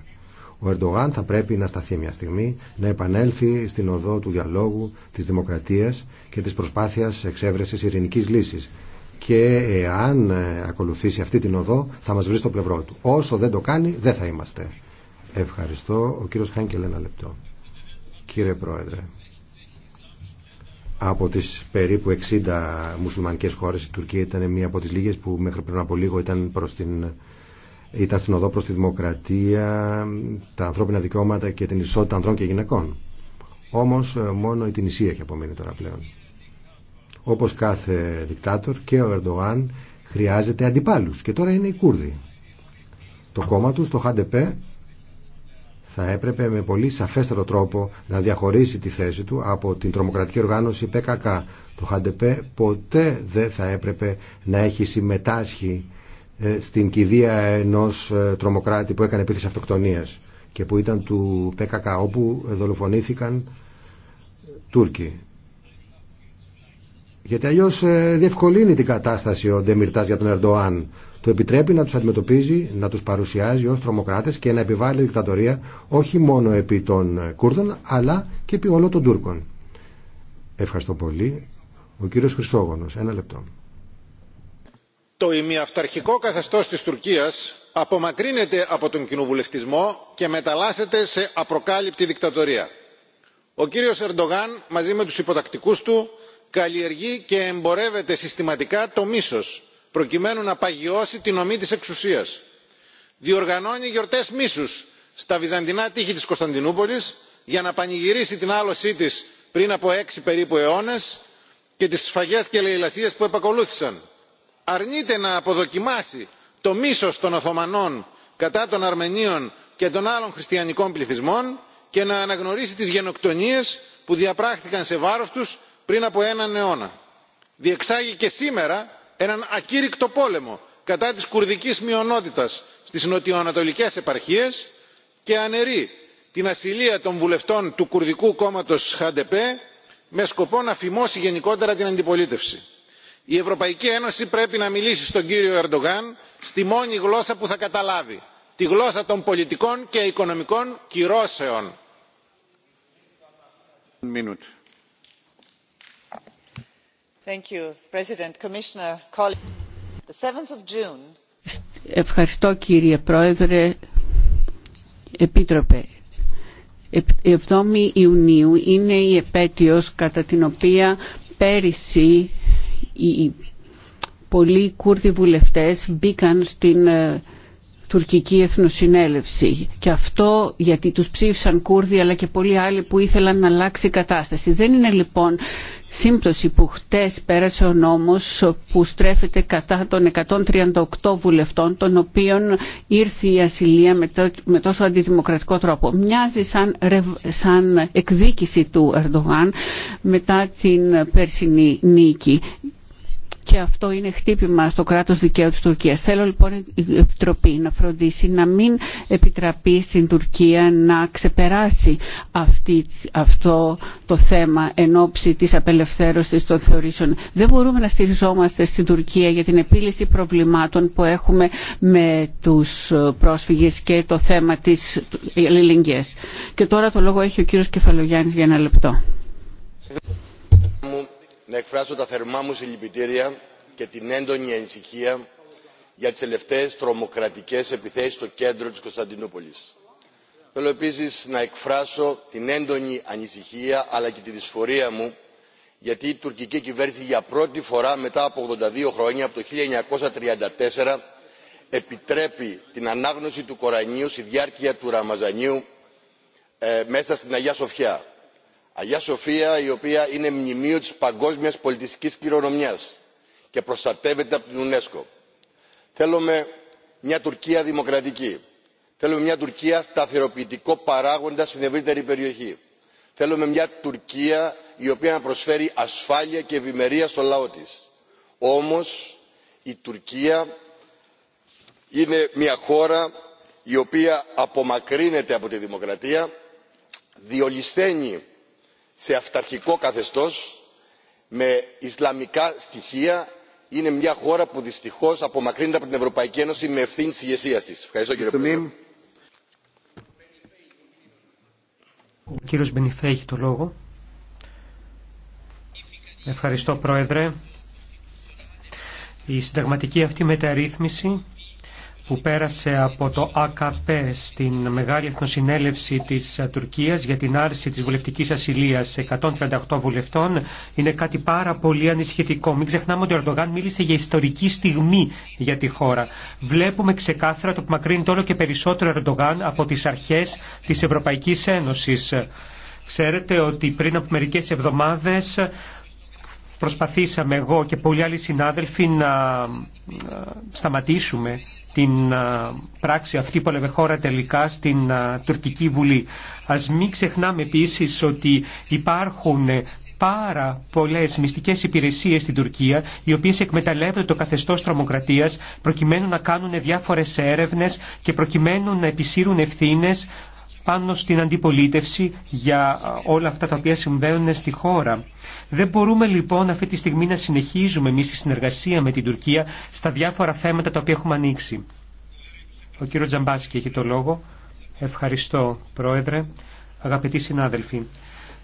Speaker 5: Ο Ερντογάν θα πρέπει να σταθεί μια στιγμή, να επανέλθει στην οδό του διαλόγου, της δημοκρατίας και της προσπάθειας εξέβρεσης ειρηνικής λύσης. Και αν ε, ακολουθήσει αυτή την οδό θα μας βρει στο πλευρό του. Όσο δεν το κάνει δεν θα είμαστε. Ευχαριστώ. Ο κύριος Χάνκελ ένα λεπτό. Κύριε Πρόεδρε από τις περίπου 60 μουσουλμανικές χώρες η Τουρκία ήταν μία από τις λίγες που μέχρι πριν από λίγο ήταν, προς την, ήταν στην οδό προς τη δημοκρατία τα ανθρώπινα δικαιώματα και την ισότητα ανδρών και γυναικών όμως ε, μόνο η Τινησία έχει απομείνει τώρα πλέον όπως κάθε δικτάτορ και ο Ερντογάν χρειάζεται αντιπάλους και τώρα είναι οι Κούρδοι το κόμμα του, το ΧΑΝΤΕΠΕ θα έπρεπε με πολύ σαφέστερο τρόπο να διαχωρίσει τη θέση του από την τρομοκρατική οργάνωση ΠΚΚ. Το ΧΑΝΤΕΠΕ ποτέ δεν θα έπρεπε να έχει συμμετάσχει ε, στην κηδεία ενός ε, τρομοκράτη που έκανε επίθεση αυτοκτονίας και που ήταν του ΠΚΚ όπου δολοφονήθηκαν Τούρκοι. Γιατί αλλιώ ε, διευκολύνει την κατάσταση ο Ντεμιρτά για τον Ερντοάν του επιτρέπει να του αντιμετωπίζει, να του παρουσιάζει ω τρομοκράτε και να επιβάλλει δικτατορία όχι μόνο επί των Κούρδων αλλά και επί όλων των Τούρκων. Ευχαριστώ πολύ. Ο κύριο Χρυσόγονο, ένα λεπτό.
Speaker 8: Το ημιαυταρχικό καθεστώ τη Τουρκία απομακρύνεται από τον κοινοβουλευτισμό και μεταλλάσσεται σε απροκάλυπτη δικτατορία. Ο κύριος Ερντογάν μαζί με τους υποτακτικούς του καλλιεργεί και εμπορεύεται συστηματικά το μίσος προκειμένου να παγιώσει την ομή της εξουσίας. διοργανώνει γιορτές μίσους στα βυζαντινά τείχη της κωνσταντινούπολης για να πανηγυρίσει την άλωσή της πριν από έξι περίπου αιώνες και τις σφαγές και λαιλασίες που επακολούθησαν. αρνείται να αποδοκιμάσει το μίσος των οθωμανών κατά των αρμενίων και των άλλων χριστιανικών πληθυσμών και να αναγνωρίσει τις γενοκτονίες που διαπράχθηκαν σε βάρος τους πριν από έναν αιώνα. διεξάγει και σήμερα έναν ακήρυκτο πόλεμο κατά της κουρδικής μειονότητας στις νοτιοανατολικές επαρχίες και αναιρεί την ασυλία των βουλευτών του κουρδικού κόμματος χαντεπέ με σκοπό να φημώσει γενικότερα την αντιπολίτευση. η ευρωπαϊκή ένωση πρέπει να μιλήσει στον κύριο ερντογάν στη μόνη γλώσσα που θα καταλάβει τη γλώσσα των πολιτικών και οικονομικών κυρώσεων.
Speaker 1: Ευχαριστώ κύριε Πρόεδρε, Επίτροπε. 7η Ιουνίου είναι η επέτειος κατά την οποία πέρυσι οι πολλοί Κούρδοι βουλευτές μπήκαν στην ε, τουρκική εθνοσυνέλευση και αυτό γιατί τους ψήφισαν Κούρδοι αλλά και πολλοί άλλοι που ήθελαν να αλλάξει η κατάσταση. Δεν είναι λοιπόν σύμπτωση που χτες πέρασε ο νόμος που στρέφεται κατά των 138 βουλευτών των οποίων ήρθε η ασυλία με τόσο αντιδημοκρατικό τρόπο. Μοιάζει σαν, σαν εκδίκηση του Ερντογάν μετά την περσινή νίκη και αυτό είναι χτύπημα στο κράτος δικαίου της Τουρκίας. Θέλω λοιπόν η Επιτροπή να φροντίσει να μην επιτραπεί στην Τουρκία να ξεπεράσει αυτό το θέμα εν ώψη της απελευθέρωσης των θεωρήσεων. Δεν μπορούμε να στηριζόμαστε στην Τουρκία για την επίλυση προβλημάτων που έχουμε με τους πρόσφυγες και το θέμα της ελληνικής. Και τώρα το λόγο έχει ο κύριο Κεφαλογιάννη για ένα λεπτό
Speaker 12: να εκφράσω τα θερμά μου συλληπιτήρια και την έντονη ανησυχία για τις τελευταίες τρομοκρατικές επιθέσεις στο κέντρο της Κωνσταντινούπολης. Θέλω επίσης να εκφράσω την έντονη ανησυχία αλλά και τη δυσφορία μου γιατί η τουρκική κυβέρνηση για πρώτη φορά μετά από 82 χρόνια, από το 1934, επιτρέπει την ανάγνωση του Κορανίου στη διάρκεια του Ραμαζανίου ε, μέσα στην Αγία Σοφιά αγιά σοφία η οποία είναι μνημείο της παγκόσμιας πολιτιστικής κληρονομιάς και προστατεύεται από την unesco. θέλουμε μια τουρκία δημοκρατική θέλουμε μια τουρκία σταθεροποιητικό παράγοντα στην ευρύτερη περιοχή θέλουμε μια τουρκία η οποία να προσφέρει ασφάλεια και ευημερία στο λαό της. όμως η τουρκία είναι μια χώρα η οποία απομακρύνεται από τη δημοκρατία διολυσταίνει σε αυταρχικό καθεστώς με ισλαμικά στοιχεία είναι μια χώρα που δυστυχώς απομακρύνεται από την ευρωπαϊκή ένωση με ευθύνη της ηγεσίας της. Ευχαριστώ κύριε Πρόεδρε.
Speaker 6: Ο κύριος Μπενιφέ έχει το λόγο. Ευχαριστώ Πρόεδρε. Η συνταγματική αυτή μεταρρύθμιση που πέρασε από το ΑΚΠ στην Μεγάλη Εθνοσυνέλευση της Τουρκίας για την άρση της βουλευτικής ασυλίας 138 βουλευτών είναι κάτι πάρα πολύ ανησυχητικό. Μην ξεχνάμε ότι ο Ερντογάν μίλησε για ιστορική στιγμή για τη χώρα. Βλέπουμε ξεκάθαρα το που μακρύνει όλο και περισσότερο Ερντογάν από τις αρχές της Ευρωπαϊκής Ένωσης. Ξέρετε ότι πριν από μερικές εβδομάδες προσπαθήσαμε εγώ και πολλοί άλλοι συνάδελφοι να ε, σταματήσουμε την πράξη αυτή που έλεγε χώρα τελικά στην Τουρκική Βουλή. Ας μην ξεχνάμε επίσης ότι υπάρχουν πάρα πολλές μυστικές υπηρεσίες στην Τουρκία, οι οποίες εκμεταλλεύονται το καθεστώς τρομοκρατίας προκειμένου να κάνουν διάφορες έρευνες και προκειμένου να επισύρουν ευθύνε πάνω στην αντιπολίτευση για όλα αυτά τα οποία συμβαίνουν στη χώρα. Δεν μπορούμε λοιπόν αυτή τη στιγμή να συνεχίζουμε εμεί τη συνεργασία με την Τουρκία στα διάφορα θέματα τα οποία έχουμε ανοίξει. Ο κύριος Τζαμπάσκη έχει το λόγο. Ευχαριστώ, Πρόεδρε. Αγαπητοί συνάδελφοι,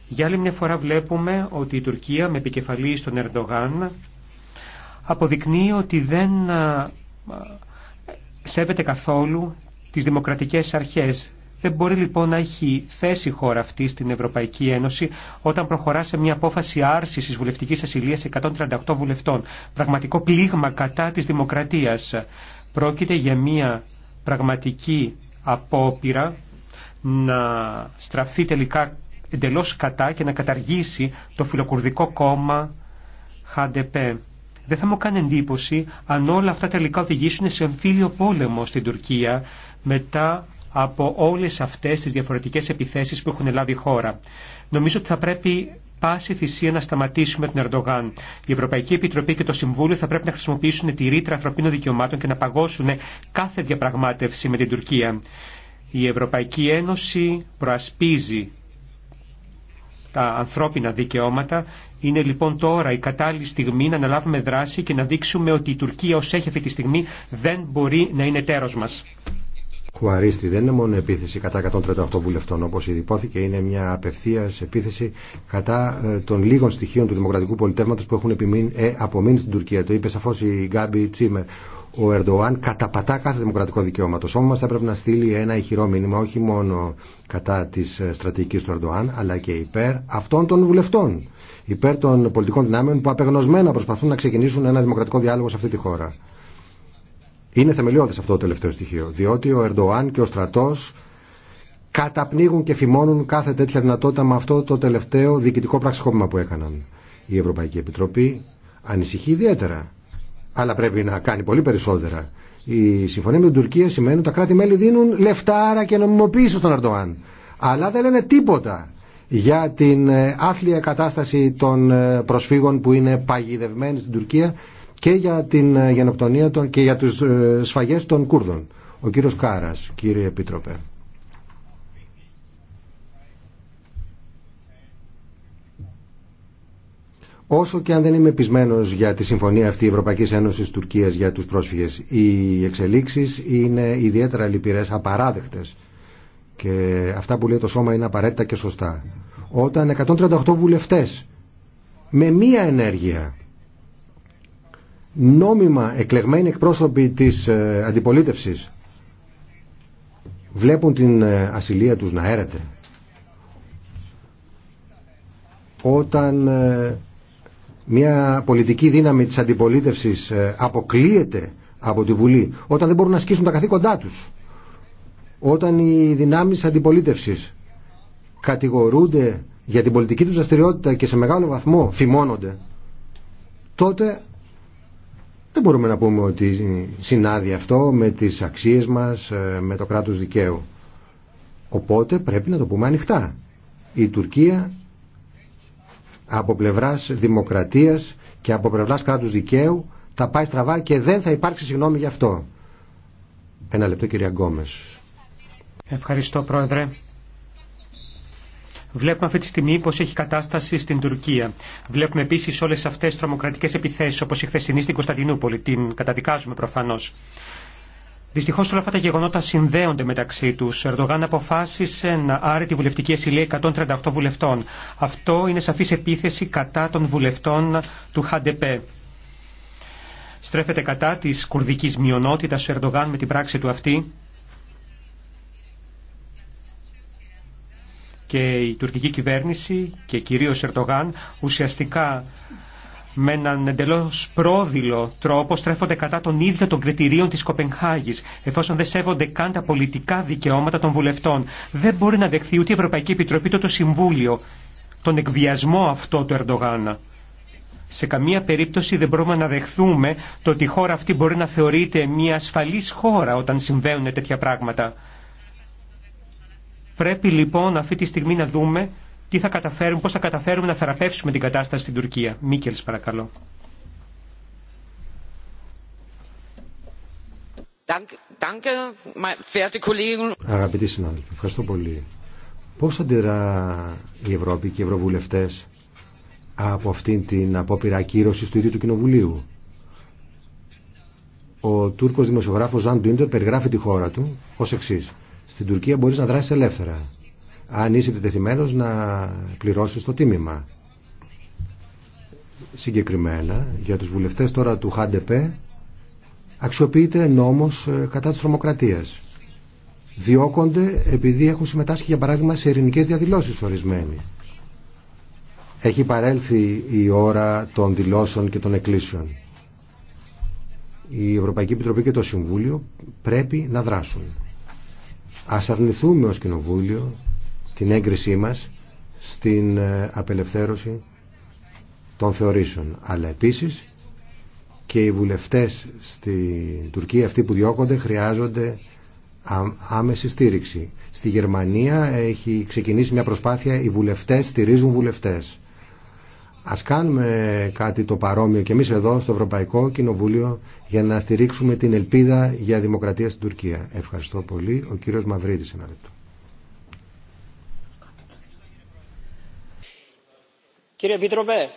Speaker 6: για άλλη μια φορά βλέπουμε ότι η Τουρκία με επικεφαλή στον Ερντογάν αποδεικνύει ότι δεν σέβεται καθόλου τις δημοκρατικές αρχές δεν μπορεί λοιπόν να έχει θέση η χώρα αυτή στην Ευρωπαϊκή Ένωση όταν προχωρά σε μια απόφαση άρση τη βουλευτική ασυλία 138 βουλευτών. Πραγματικό πλήγμα κατά τη δημοκρατία. Πρόκειται για μια πραγματική απόπειρα να στραφεί τελικά εντελώς κατά και να καταργήσει το φιλοκουρδικό κόμμα ΧΑΝΤΕΠΕ. Δεν θα μου κάνει εντύπωση αν όλα αυτά τελικά οδηγήσουν σε εμφύλιο πόλεμο στην Τουρκία μετά από όλες αυτές τις διαφορετικές επιθέσεις που έχουν λάβει η χώρα. Νομίζω ότι θα πρέπει πάση θυσία να σταματήσουμε την Ερντογάν. Η Ευρωπαϊκή Επιτροπή και το Συμβούλιο θα πρέπει να χρησιμοποιήσουν τη ρήτρα ανθρωπίνων δικαιωμάτων και να παγώσουν κάθε διαπραγμάτευση με την Τουρκία. Η Ευρωπαϊκή Ένωση προασπίζει τα ανθρώπινα δικαιώματα. Είναι λοιπόν τώρα η κατάλληλη στιγμή να αναλάβουμε δράση και να δείξουμε ότι η Τουρκία ως έχει αυτή τη στιγμή δεν μπορεί να είναι τέρος μας.
Speaker 5: Αρίστη δεν είναι μόνο επίθεση κατά 138 βουλευτών όπως ήδη υπόθηκε, είναι μια απευθείας επίθεση κατά ε, των λίγων στοιχείων του δημοκρατικού πολιτεύματος που έχουν ε, απομείνει στην Τουρκία. Το είπε σαφώς η Γκάμπι Τσίμε. Ο Ερντοάν καταπατά κάθε δημοκρατικό δικαίωμα. Το σώμα θα πρέπει να στείλει ένα ηχηρό μήνυμα όχι μόνο κατά τη ε, στρατηγική του Ερντοάν αλλά και υπέρ αυτών των βουλευτών. Υπέρ των πολιτικών δυνάμεων που απεγνωσμένα προσπαθούν να ξεκινήσουν ένα δημοκρατικό διάλογο σε αυτή τη χώρα. Είναι θεμελιώδες αυτό το τελευταίο στοιχείο, διότι ο Ερντοάν και ο στρατός καταπνίγουν και φημώνουν κάθε τέτοια δυνατότητα με αυτό το τελευταίο διοικητικό πραξικόπημα που έκαναν. Η Ευρωπαϊκή Επιτροπή ανησυχεί ιδιαίτερα, αλλά πρέπει να κάνει πολύ περισσότερα. Η συμφωνία με την Τουρκία σημαίνει ότι τα κράτη-μέλη δίνουν λεφτάρα και νομιμοποίηση στον Ερντοάν. Αλλά δεν λένε τίποτα για την άθλια κατάσταση των ε, προσφύγων που είναι παγιδευμένοι στην Τουρκία και για την ε, γενοκτονία των, και για τους ε, σφαγές των Κούρδων. Ο κύριος Κάρας, κύριε Επίτροπε. Όσο και αν δεν είμαι πεισμένο για τη συμφωνία αυτή Ευρωπαϊκή Ένωση Τουρκία για του πρόσφυγε, οι εξελίξει είναι ιδιαίτερα λυπηρέ, απαράδεκτε. Και αυτά που λέει το σώμα είναι απαραίτητα και σωστά. Όταν 138 βουλευτέ με μία ενέργεια νόμιμα εκλεγμένοι εκπρόσωποι της ε, αντιπολίτευσης βλέπουν την ε, ασυλία τους να έρεται όταν ε, μια πολιτική δύναμη της αντιπολίτευσης αποκλείεται από τη Βουλή όταν δεν μπορούν να ασκήσουν τα καθήκοντά τους όταν οι δυνάμεις αντιπολίτευσης κατηγορούνται για την πολιτική τους δραστηριότητα και σε μεγάλο βαθμό φημώνονται τότε δεν μπορούμε να πούμε ότι συνάδει αυτό με τις αξίες μας, ε, με το κράτος δικαίου. Οπότε πρέπει να το πούμε ανοιχτά. Η Τουρκία από πλευράς δημοκρατίας και από πλευράς κράτους δικαίου τα πάει στραβά και δεν θα υπάρξει συγγνώμη γι' αυτό. Ένα λεπτό κυρία Γκόμες.
Speaker 6: Ευχαριστώ πρόεδρε. Βλέπουμε αυτή τη στιγμή πώ έχει κατάσταση στην Τουρκία. Βλέπουμε επίση όλε αυτέ τι τρομοκρατικέ επιθέσει, όπω η χθεσινή στην Κωνσταντινούπολη. Την καταδικάζουμε προφανώ. Δυστυχώ όλα αυτά τα γεγονότα συνδέονται μεταξύ του. Ο Ερντογάν αποφάσισε να άρει τη βουλευτική ασυλία 138 βουλευτών. Αυτό είναι σαφή επίθεση κατά των βουλευτών του ΧΑΝΤΕΠΕ. Στρέφεται κατά τη κουρδική μειονότητα ο Ερντογάν με την πράξη του αυτή και η τουρκική κυβέρνηση και κυρίως Ερτογάν ουσιαστικά με έναν εντελώ πρόδειλο τρόπο στρέφονται κατά τον ίδιο των κριτηρίων τη Κοπενχάγη, εφόσον δεν σέβονται καν τα πολιτικά δικαιώματα των βουλευτών. Δεν μπορεί να δεχθεί ούτε η Ευρωπαϊκή Επιτροπή, το Συμβούλιο τον εκβιασμό αυτό του Ερντογάν. Σε καμία περίπτωση δεν μπορούμε να δεχθούμε το ότι η χώρα αυτή μπορεί να θεωρείται μια ασφαλής χώρα όταν συμβαίνουν τέτοια πράγματα. Πρέπει λοιπόν αυτή τη στιγμή να δούμε τι θα καταφέρουμε, πώς θα καταφέρουμε να θεραπεύσουμε την κατάσταση στην Τουρκία. Μίκελς παρακαλώ.
Speaker 5: Αγαπητοί συνάδελφοι, ευχαριστώ πολύ. Πώς αντιδρά η Ευρώπη και οι Ευρωβουλευτές από αυτήν την απόπειρα ακύρωση του ίδιου του Κοινοβουλίου. Ο Τούρκος δημοσιογράφος Ζαν Τίντερ περιγράφει τη χώρα του ως εξής. Στην Τουρκία μπορείς να δράσεις ελεύθερα. Αν είσαι τετεθειμένος να πληρώσεις το τίμημα. Συγκεκριμένα, για τους βουλευτές τώρα του ΧΑΝΤΕΠΕ, αξιοποιείται νόμος ε, κατά της τρομοκρατίας. Διώκονται επειδή έχουν συμμετάσχει, για παράδειγμα, σε ειρηνικές διαδηλώσεις ορισμένοι. Έχει παρέλθει η ώρα των δηλώσεων και των εκκλήσεων. Η Ευρωπαϊκή Επιτροπή και το Συμβούλιο πρέπει να δράσουν. Ας αρνηθούμε ως Κοινοβούλιο την έγκρισή μας στην ε, απελευθέρωση των θεωρήσεων. Αλλά επίσης και οι βουλευτές στην Τουρκία αυτοί που διώκονται χρειάζονται άμεση στήριξη. Στη Γερμανία έχει ξεκινήσει μια προσπάθεια, οι βουλευτές στηρίζουν βουλευτές. Α κάνουμε κάτι το παρόμοιο και εμείς εδώ στο Ευρωπαϊκό Κοινοβούλιο για να στηρίξουμε την ελπίδα για δημοκρατία στην Τουρκία. Ευχαριστώ πολύ. Ο κύριος Μαυρίδης ένα λεπτό.
Speaker 13: Κύριε Επίτροπε,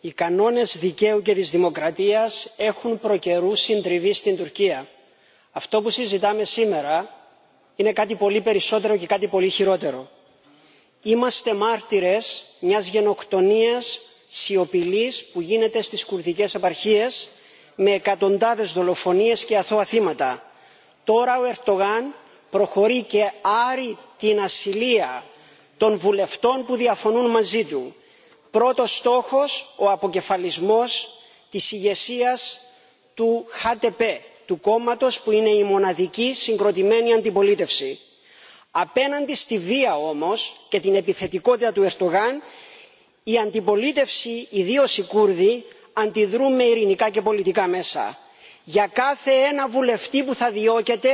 Speaker 13: οι κανόνες δικαίου και της δημοκρατίας έχουν προκαιρού συντριβεί στην Τουρκία. Αυτό που συζητάμε σήμερα είναι κάτι πολύ περισσότερο και κάτι πολύ χειρότερο. Είμαστε μάρτυρες μιας γενοκτονίας σιωπηλής που γίνεται στις κουρδικές επαρχίες με εκατοντάδες δολοφονίες και αθώα θύματα. τώρα ο Ερτογάν προχωρεί και άρει την ασυλία των βουλευτών που διαφωνούν μαζί του. πρώτος στόχος ο αποκεφαλισμός της ηγεσία του ΧΤΠ, του κόμματος που είναι η μοναδική συγκροτημένη αντιπολίτευση. απέναντι στη βία όμως και την επιθετικότητα του Ερτογάν η αντιπολίτευση ιδίως οι κούρδοι αντιδρούν με ειρηνικά και πολιτικά μέσα. για κάθε ένα βουλευτή που θα διώκεται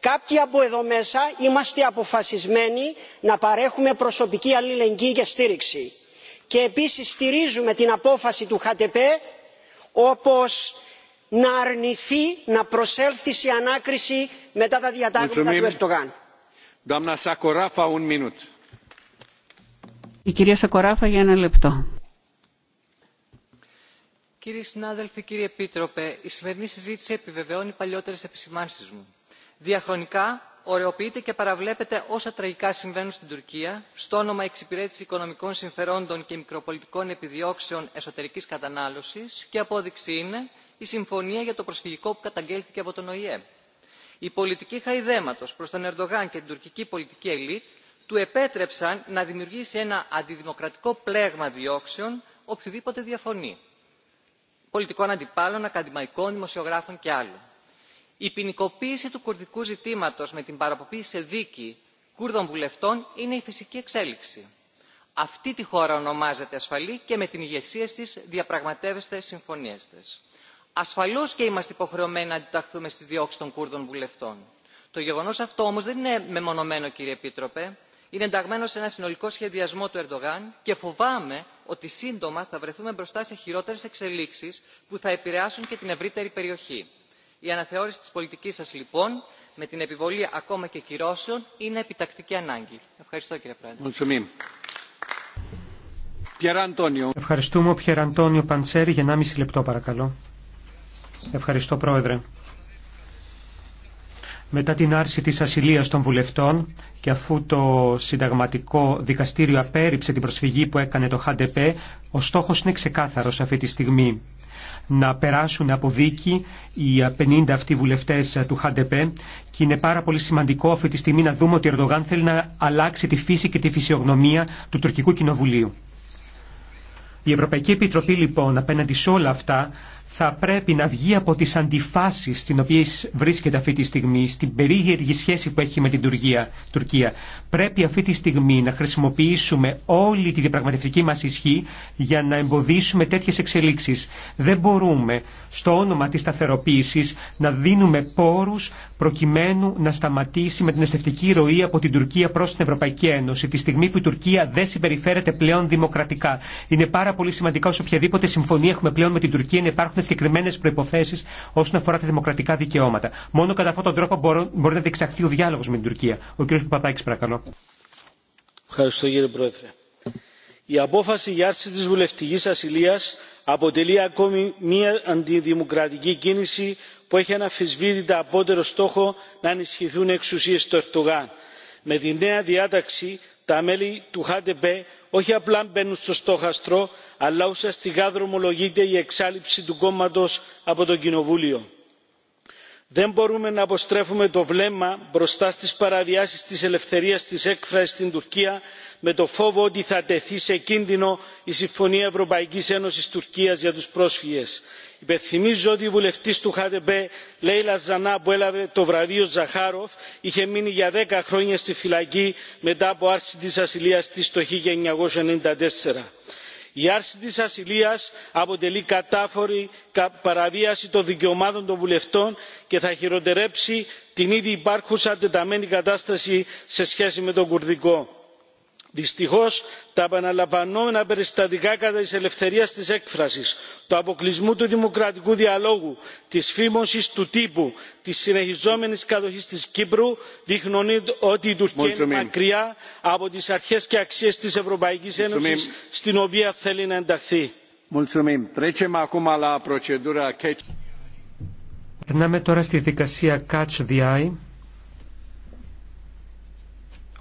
Speaker 13: κάποιοι από εδώ μέσα είμαστε αποφασισμένοι να παρέχουμε προσωπική αλληλεγγύη και στήριξη και επίσης στηρίζουμε την απόφαση του χατεπέ όπως να αρνηθεί να προσέλθει σε ανάκριση μετά τα διατάγματα του ερντογάν.
Speaker 1: Η κυρία Σακοράφα για ένα λεπτό.
Speaker 14: Κύριοι συνάδελφοι, κύριε Επίτροπε, η σημερινή συζήτηση επιβεβαιώνει παλιότερες επισημάνσεις μου. Διαχρονικά ωρεοποιείται και παραβλέπεται όσα τραγικά συμβαίνουν στην Τουρκία στο όνομα εξυπηρέτηση οικονομικών συμφερόντων και μικροπολιτικών επιδιώξεων εσωτερικής κατανάλωσης και απόδειξη είναι η συμφωνία για το προσφυγικό που καταγγέλθηκε από τον ΟΗΕ. Η πολιτική χαϊδέματος προς τον Ερντογάν και την τουρκική πολιτική ελίτ του επέτρεψαν να δημιουργήσει ένα αντιδημοκρατικό πλέγμα διώξεων οποιοδήποτε διαφωνεί πολιτικών αντιπάλων, ακαδημαϊκών, δημοσιογράφων και άλλων. Η ποινικοποίηση του κουρδικού ζητήματο με την παραποποίηση σε δίκη Κούρδων βουλευτών είναι η φυσική εξέλιξη. Αυτή τη χώρα ονομάζεται ασφαλή και με την ηγεσία τη διαπραγματεύεστε συμφωνίε τη. Ασφαλώ και είμαστε υποχρεωμένοι να αντιταχθούμε στι διώξει των Κούρδων βουλευτών. Το γεγονό αυτό όμω δεν είναι μεμονωμένο, κύριε Επίτροπε είναι ενταγμένο σε ένα συνολικό σχεδιασμό του ερντογάν και φοβάμαι ότι σύντομα θα βρεθούμε μπροστά σε χειρότερε εξελίξει που θα επηρεάσουν και την ευρύτερη περιοχή. η αναθεώρηση τη πολιτική σα λοιπόν με την επιβολή ακόμα και κυρώσεων είναι επιτακτική ανάγκη. ευχαριστώ κύριε πρόεδρε.
Speaker 6: Ευχαριστούμε. Πιερ Αντώνιο Παντσέρη για 1,5 λεπτό παρακαλώ. Ευχαριστώ πρόεδρε. Μετά την άρση της ασυλίας των βουλευτών και αφού το συνταγματικό δικαστήριο απέρριψε την προσφυγή που έκανε το ΧΑΝΤΕΠΕ, ο στόχος είναι ξεκάθαρος αυτή τη στιγμή. Να περάσουν από δίκη οι 50 αυτοί βουλευτές του ΧΑΝΤΕΠΕ και είναι πάρα πολύ σημαντικό αυτή τη στιγμή να δούμε ότι ο Ερντογάν θέλει να αλλάξει τη φύση και τη φυσιογνωμία του τουρκικού κοινοβουλίου. Η Ευρωπαϊκή Επιτροπή λοιπόν απέναντι σε όλα αυτά θα πρέπει να βγει από τις αντιφάσεις στην οποία βρίσκεται αυτή τη στιγμή, στην περίεργη σχέση που έχει με την Τουρκία. Τουρκία. Πρέπει αυτή τη στιγμή να χρησιμοποιήσουμε όλη τη διαπραγματευτική μας ισχύ για να εμποδίσουμε τέτοιες εξελίξεις. Δεν μπορούμε στο όνομα της σταθεροποίησης να δίνουμε πόρους προκειμένου να σταματήσει με την αισθητική ροή από την Τουρκία προς την Ευρωπαϊκή Ένωση, τη στιγμή που η Τουρκία δεν συμπεριφέρεται πλέον δημοκρατικά. Είναι πάρα πολύ σημαντικά όσο οποιαδήποτε συμφωνία έχουμε πλέον με την Τουρκία υπάρχουν υπάρχουν συγκεκριμένε προποθέσει όσον αφορά τα δημοκρατικά δικαιώματα. Μόνο κατά αυτόν τον τρόπο μπορεί να διεξαχθεί ο διάλογο με την Τουρκία. Ο κ. Παπαδάκη, παρακαλώ.
Speaker 15: Ευχαριστώ κύριε Πρόεδρε. Η απόφαση για άρση της βουλευτική ασυλίας αποτελεί ακόμη μία αντιδημοκρατική κίνηση που έχει αναφυσβήτητα απότερο στόχο να ενισχυθούν εξουσίες του Ερτογάν. Με τη νέα διάταξη τα μέλη του ΧΑΤΕΠΕ όχι απλά μπαίνουν στο στόχαστρο αλλά ουσιαστικά δρομολογείται η εξάλληψη του κόμματο από το κοινοβούλιο. δεν μπορούμε να αποστρέφουμε το βλέμμα μπροστά στι παραβιάσεις της ελευθερία της έκφραση στην τουρκία με το φόβο ότι θα τεθεί σε κίνδυνο η συμφωνία Ευρωπαϊκή Ένωση Τουρκία για του πρόσφυγε υπενθυμίζω ότι η βουλευτή του χδπ λέιλα ζανά που έλαβε το βραβείο ζαχάροφ είχε μείνει για δέκα χρόνια στη φυλακή μετά από άρση της ασυλίας της το 1994. Η άρση της ασυλίας αποτελεί κατάφορη παραβίαση των δικαιωμάτων των βουλευτών και θα χειροτερέψει την ήδη υπάρχουσα τεταμένη κατάσταση σε σχέση με τον κουρδικό δυστυχώς τα επαναλαμβανόμενα περιστατικά κατά της ελευθερίας της έκφρασης του αποκλεισμού του δημοκρατικού διαλόγου της φήμωσης του τύπου της συνεχιζόμενης κατοχής της κύπρου δείχνουν ότι η τουρκία είναι μακριά από τις αρχές και αξίες της ευρωπαϊκής ένωσης στην οποία θέλει να ενταχθεί.
Speaker 6: Περνάμε τώρα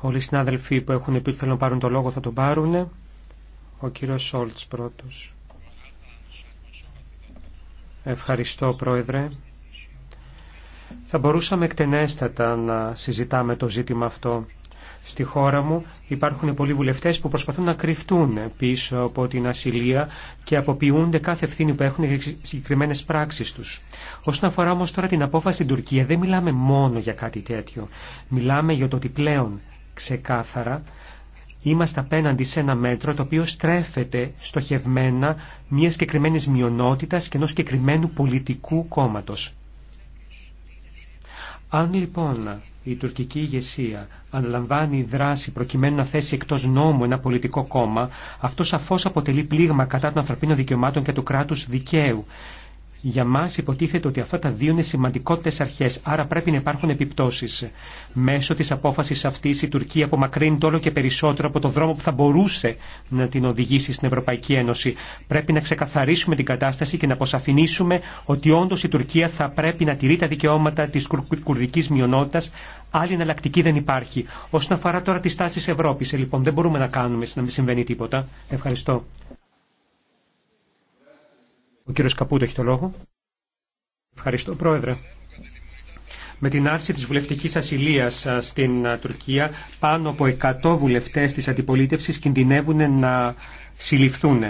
Speaker 6: Όλοι οι συνάδελφοι που έχουν πει να πάρουν το λόγο θα τον πάρουν. Ο κύριος Σόλτς πρώτος. Ευχαριστώ Πρόεδρε. Θα μπορούσαμε εκτενέστατα να συζητάμε το ζήτημα αυτό. Στη χώρα μου υπάρχουν πολλοί βουλευτές που προσπαθούν να κρυφτούν πίσω από την ασυλία και αποποιούνται κάθε ευθύνη που έχουν για συγκεκριμένες πράξεις τους. Όσον αφορά όμως τώρα την απόφαση στην Τουρκία δεν μιλάμε μόνο για κάτι τέτοιο. Μιλάμε για το ότι πλέον ξεκάθαρα είμαστε απέναντι σε ένα μέτρο το οποίο στρέφεται στοχευμένα μια συγκεκριμένη μειονότητα και ενό συγκεκριμένου πολιτικού κόμματο. Αν λοιπόν η τουρκική ηγεσία αναλαμβάνει δράση προκειμένου να θέσει εκτός νόμου ένα πολιτικό κόμμα, αυτό σαφώς αποτελεί πλήγμα κατά των ανθρωπίνων δικαιωμάτων και του κράτους δικαίου. Για μα υποτίθεται ότι αυτά τα δύο είναι σημαντικότητε αρχέ, άρα πρέπει να υπάρχουν επιπτώσει. Μέσω τη απόφαση αυτή η Τουρκία απομακρύνει το όλο και περισσότερο από τον δρόμο που θα μπορούσε να την οδηγήσει στην Ευρωπαϊκή Ένωση. Πρέπει να ξεκαθαρίσουμε την κατάσταση και να αποσαφηνίσουμε ότι όντω η Τουρκία θα πρέπει να τηρεί τα δικαιώματα τη κουρδική μειονότητα. Άλλη εναλλακτική δεν υπάρχει. Όσον αφορά τώρα τι τάσει Ευρώπη, ε, λοιπόν, δεν μπορούμε να κάνουμε να μην συμβαίνει τίποτα. Ευχαριστώ. Ο κύριος Καπούτο έχει το λόγο. Ευχαριστώ, Πρόεδρε. Με την άρση της βουλευτικής ασυλίας στην Τουρκία, πάνω από 100 βουλευτές της αντιπολίτευσης κινδυνεύουν να συλληφθούν.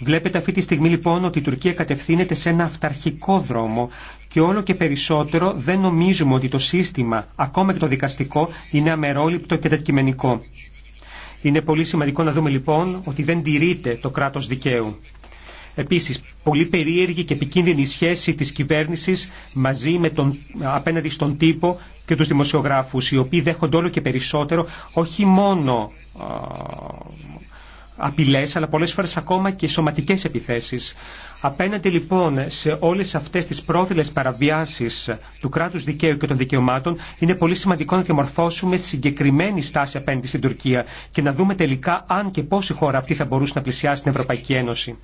Speaker 6: Βλέπετε αυτή τη στιγμή λοιπόν ότι η Τουρκία κατευθύνεται σε ένα αυταρχικό δρόμο και όλο και περισσότερο δεν νομίζουμε ότι το σύστημα, ακόμα και το δικαστικό, είναι αμερόληπτο και τετκειμενικό. Είναι πολύ σημαντικό να δούμε λοιπόν ότι δεν τηρείται το κράτος δικαίου. Επίσης, πολύ περίεργη και επικίνδυνη σχέση της κυβέρνησης μαζί με τον, απέναντι στον τύπο και τους δημοσιογράφους, οι οποίοι δέχονται όλο και περισσότερο, όχι μόνο απειλές, αλλά πολλές φορές ακόμα και σωματικές επιθέσεις. Απέναντι λοιπόν σε όλες αυτές τις πρόδειλες παραβιάσεις του κράτους δικαίου και των δικαιωμάτων, είναι πολύ σημαντικό να διαμορφώσουμε συγκεκριμένη στάση απέναντι στην Τουρκία και να δούμε τελικά αν και πώς η χώρα αυτή θα μπορούσε να πλησιάσει την Ευρωπαϊκή Ένωση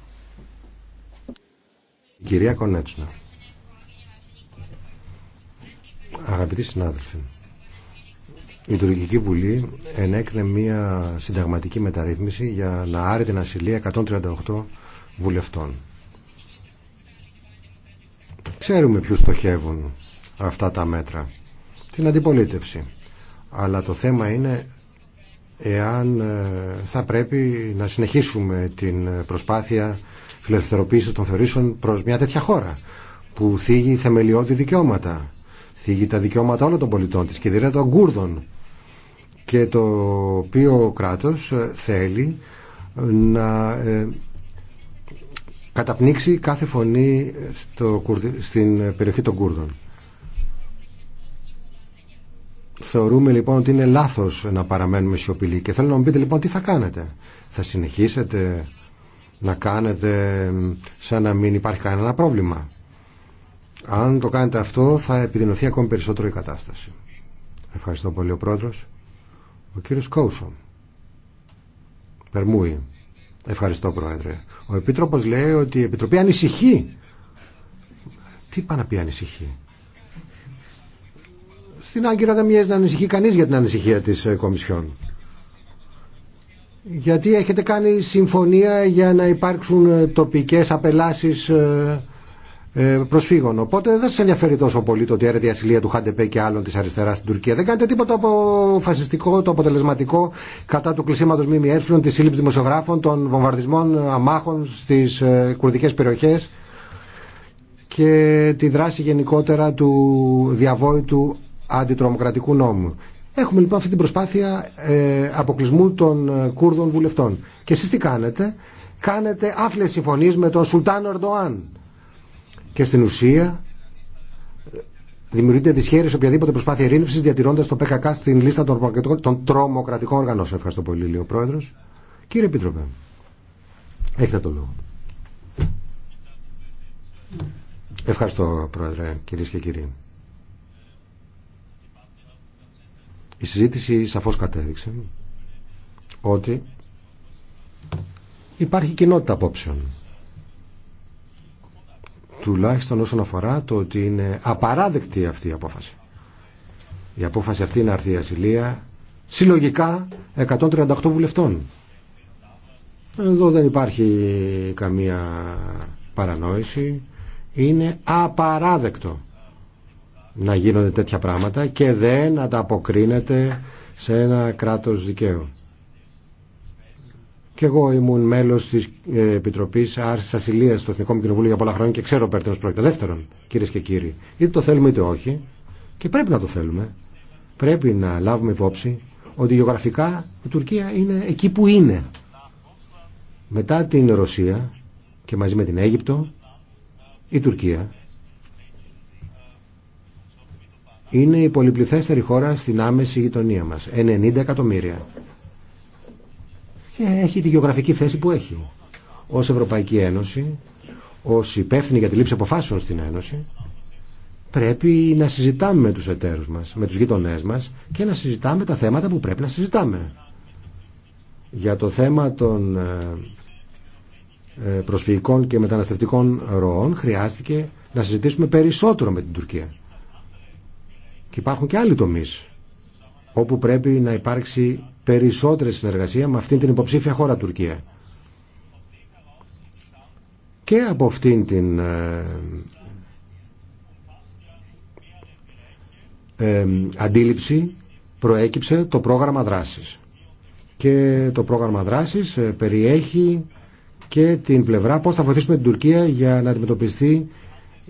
Speaker 5: κυρία Κονέτσνα. Αγαπητοί συνάδελφοι, η Τουρκική Βουλή ενέκρινε μια συνταγματική μεταρρύθμιση για να άρει την ασυλία 138 βουλευτών. Ξέρουμε ποιους στοχεύουν αυτά τα μέτρα. Την αντιπολίτευση. Αλλά το θέμα είναι εάν ε, θα πρέπει να συνεχίσουμε την προσπάθεια φιλελευθεροποίησης των θεωρήσεων προς μια τέτοια χώρα που θίγει θεμελιώδη δικαιώματα, θίγει τα δικαιώματα όλων των πολιτών της και δηλαδή των Κούρδων και το οποίο κράτος ε, θέλει να ε, καταπνίξει κάθε φωνή στο, στην περιοχή των Κούρδων. Θεωρούμε λοιπόν ότι είναι λάθος να παραμένουμε σιωπηλοί και θέλω να μου πείτε λοιπόν τι θα κάνετε. Θα συνεχίσετε να κάνετε σαν να μην υπάρχει κανένα πρόβλημα. Αν το κάνετε αυτό θα επιδεινωθεί ακόμη περισσότερο η κατάσταση. Ευχαριστώ πολύ ο πρόεδρος. Ο κύριος Κόουσον. Περμούι. Ευχαριστώ πρόεδρε. Ο Επίτροπος λέει ότι η Επιτροπή ανησυχεί. Τι πάει να πει ανησυχεί στην Άγκυρα δεν μοιάζει να ανησυχεί κανείς για την ανησυχία της ε, Κομισιόν. Γιατί έχετε κάνει συμφωνία για να υπάρξουν ε, τοπικές απελάσεις ε, προσφύγων. Οπότε δεν σα ενδιαφέρει τόσο πολύ το ότι έρεται η ασυλία του Χαντεπέ και άλλων τη αριστερά στην Τουρκία. Δεν κάνετε τίποτα από φασιστικό, το αποτελεσματικό κατά του κλεισίματο ΜΜΕ, τη σύλληψη δημοσιογράφων, των βομβαρδισμών αμάχων στι κουρδικέ περιοχέ και τη δράση γενικότερα του διαβόητου αντιτρομοκρατικού νόμου. Έχουμε λοιπόν αυτή την προσπάθεια ε, αποκλεισμού των ε, Κούρδων βουλευτών. Και εσείς τι κάνετε. Κάνετε άφλε συμφωνίες με τον Σουλτάν Ερντοάν. Και στην ουσία ε, δημιουργείται σε οποιαδήποτε προσπάθεια ειρήνευσης διατηρώντας το ΠΚΚ στην λίστα των, τρομοκρατικών οργανώσεων. Ευχαριστώ πολύ, λέει ο Πρόεδρος. Κύριε Επίτροπε, έχετε το λόγο. Ευχαριστώ, Πρόεδρε, κυρίε και κύριοι. Η συζήτηση σαφώς κατέδειξε ότι υπάρχει κοινότητα απόψεων. Τουλάχιστον όσον αφορά το ότι είναι απαράδεκτη αυτή η απόφαση. Η απόφαση αυτή είναι αρθή ασυλία συλλογικά 138 βουλευτών. Εδώ δεν υπάρχει καμία παρανόηση. Είναι απαράδεκτο να γίνονται τέτοια πράγματα και δεν ανταποκρίνεται σε ένα κράτος δικαίου. Και εγώ ήμουν μέλο τη ε, Επιτροπή Άρση Ασυλία στο Εθνικό Κοινοβούλιο για πολλά χρόνια και ξέρω πέρα πρόκειται. Δεύτερον, κυρίε και κύριοι, είτε το θέλουμε είτε όχι, και πρέπει να το θέλουμε, πρέπει να λάβουμε υπόψη ότι γεωγραφικά η Τουρκία είναι εκεί που είναι. Μετά την Ρωσία και μαζί με την Αίγυπτο, η Τουρκία είναι η πολυπληθέστερη χώρα στην άμεση γειτονία μας. 90 εκατομμύρια. Και έχει τη γεωγραφική θέση που έχει. Ως Ευρωπαϊκή Ένωση, ως υπεύθυνη για τη λήψη αποφάσεων στην Ένωση, πρέπει να συζητάμε με τους εταίρους μας, με τους γειτονές μας και να συζητάμε τα θέματα που πρέπει να συζητάμε. Για το θέμα των ε, ε, προσφυγικών και μεταναστευτικών ροών χρειάστηκε να συζητήσουμε περισσότερο με την Τουρκία. Και υπάρχουν και άλλοι τομεί όπου πρέπει να υπάρξει περισσότερη συνεργασία με αυτήν την υποψήφια χώρα Τουρκία. Και από αυτήν την ε, ε αντίληψη προέκυψε το πρόγραμμα δράσης. Και το πρόγραμμα δράσης ε, περιέχει και την πλευρά πώς θα βοηθήσουμε την Τουρκία για να αντιμετωπιστεί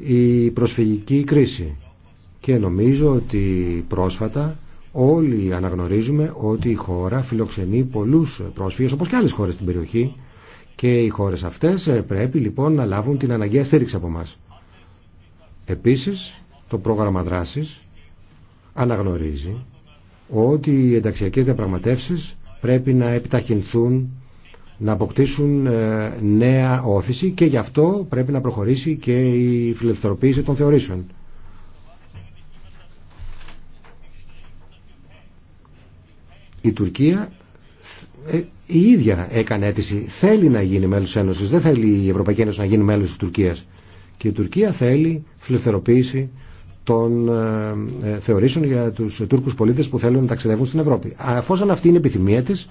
Speaker 5: η προσφυγική κρίση και νομίζω ότι πρόσφατα όλοι αναγνωρίζουμε ότι η χώρα φιλοξενεί πολλούς πρόσφυγες όπως και άλλες χώρες στην περιοχή και οι χώρες αυτές ε, πρέπει λοιπόν να λάβουν την αναγκαία στήριξη από μας. Επίσης το πρόγραμμα δράσης αναγνωρίζει ότι οι ενταξιακές διαπραγματεύσεις πρέπει να επιταχυνθούν να αποκτήσουν ε, νέα όθηση και γι' αυτό πρέπει να προχωρήσει και η φιλελευθερωποίηση των θεωρήσεων. Η Τουρκία ε, η ίδια έκανε αίτηση. Θέλει να γίνει μέλο τη Ένωση. Δεν θέλει η Ευρωπαϊκή Ένωση να γίνει μέλο τη Τουρκία. Και η Τουρκία θέλει φιλελευθερωποίηση των ε, ε, θεωρήσεων για τους Τούρκου πολίτε που θέλουν να ταξιδεύουν στην Ευρώπη. Αφόσον αυτή είναι η επιθυμία τη,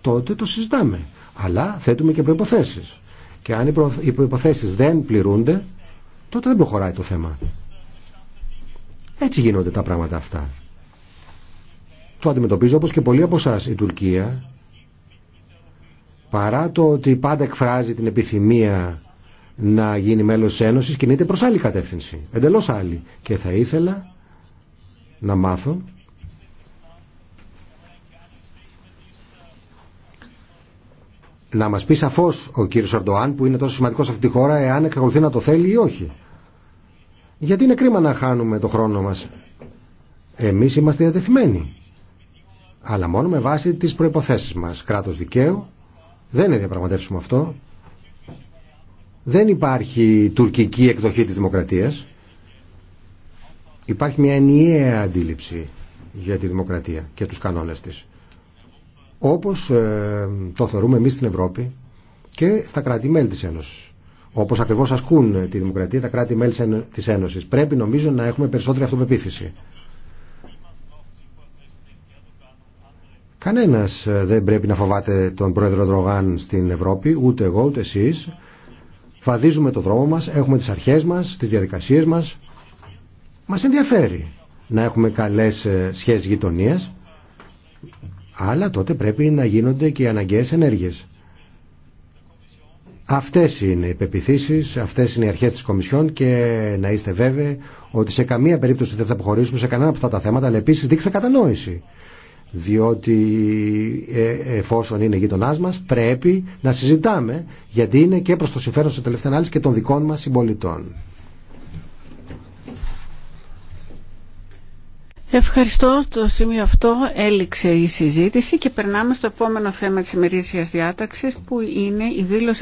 Speaker 5: τότε το συζητάμε. Αλλά θέτουμε και προποθέσει. Και αν οι προποθέσει δεν πληρούνται, τότε δεν προχωράει το θέμα. Έτσι γίνονται τα πράγματα αυτά το αντιμετωπίζω όπως και πολλοί από εσά η Τουρκία παρά το ότι πάντα εκφράζει την επιθυμία να γίνει μέλος της Ένωσης κινείται προς άλλη κατεύθυνση, εντελώς άλλη και θα ήθελα να μάθω να μας πει σαφώς ο κύριος Ορντοάν που είναι τόσο σημαντικός σε αυτή τη χώρα εάν εξακολουθεί να το θέλει ή όχι γιατί είναι κρίμα να χάνουμε το χρόνο μας εμείς είμαστε διατεθειμένοι αλλά μόνο με βάση τις προϋποθέσεις μας. Κράτος δικαίου, δεν είναι διαπραγματεύσουμε αυτό. Δεν υπάρχει τουρκική εκδοχή της δημοκρατίας. Υπάρχει μια ενιαία αντίληψη για τη δημοκρατία και τους κανόνες της. Όπως ε, το θεωρούμε εμείς στην Ευρώπη και στα κράτη-μέλη της Ένωσης. Όπως ακριβώς ασκούν τη δημοκρατία τα κράτη-μέλη της Ένωσης. Πρέπει νομίζω να έχουμε περισσότερη αυτοπεποίθηση. Κανένα ε, δεν πρέπει να φοβάται τον πρόεδρο Ντρογάν στην Ευρώπη, ούτε εγώ ούτε εσεί, Φαδίζουμε το δρόμο μα, έχουμε τι αρχέ μα, τι διαδικασίε μα. Μα ενδιαφέρει να έχουμε καλέ ε, σχέσει γειτονία, αλλά τότε πρέπει να γίνονται και οι αναγκαίε ενέργειε. Αυτές είναι οι πεπιθήσει, αυτέ είναι οι αρχέ τη Κομισιόν και να είστε βέβαιοι ότι σε καμία περίπτωση δεν θα αποχωρήσουμε σε κανένα από αυτά τα θέματα, αλλά επίση δείξτε κατανόηση διότι ε, εφόσον είναι γείτονά μα πρέπει να συζητάμε γιατί είναι και προς το συμφέρον σε τελευταία ανάλυση και των δικών μας συμπολιτών.
Speaker 1: Ευχαριστώ. Στο σημείο αυτό έληξε η συζήτηση και περνάμε στο επόμενο θέμα της ημερήσιας διάταξης που είναι η
Speaker 15: δήλωση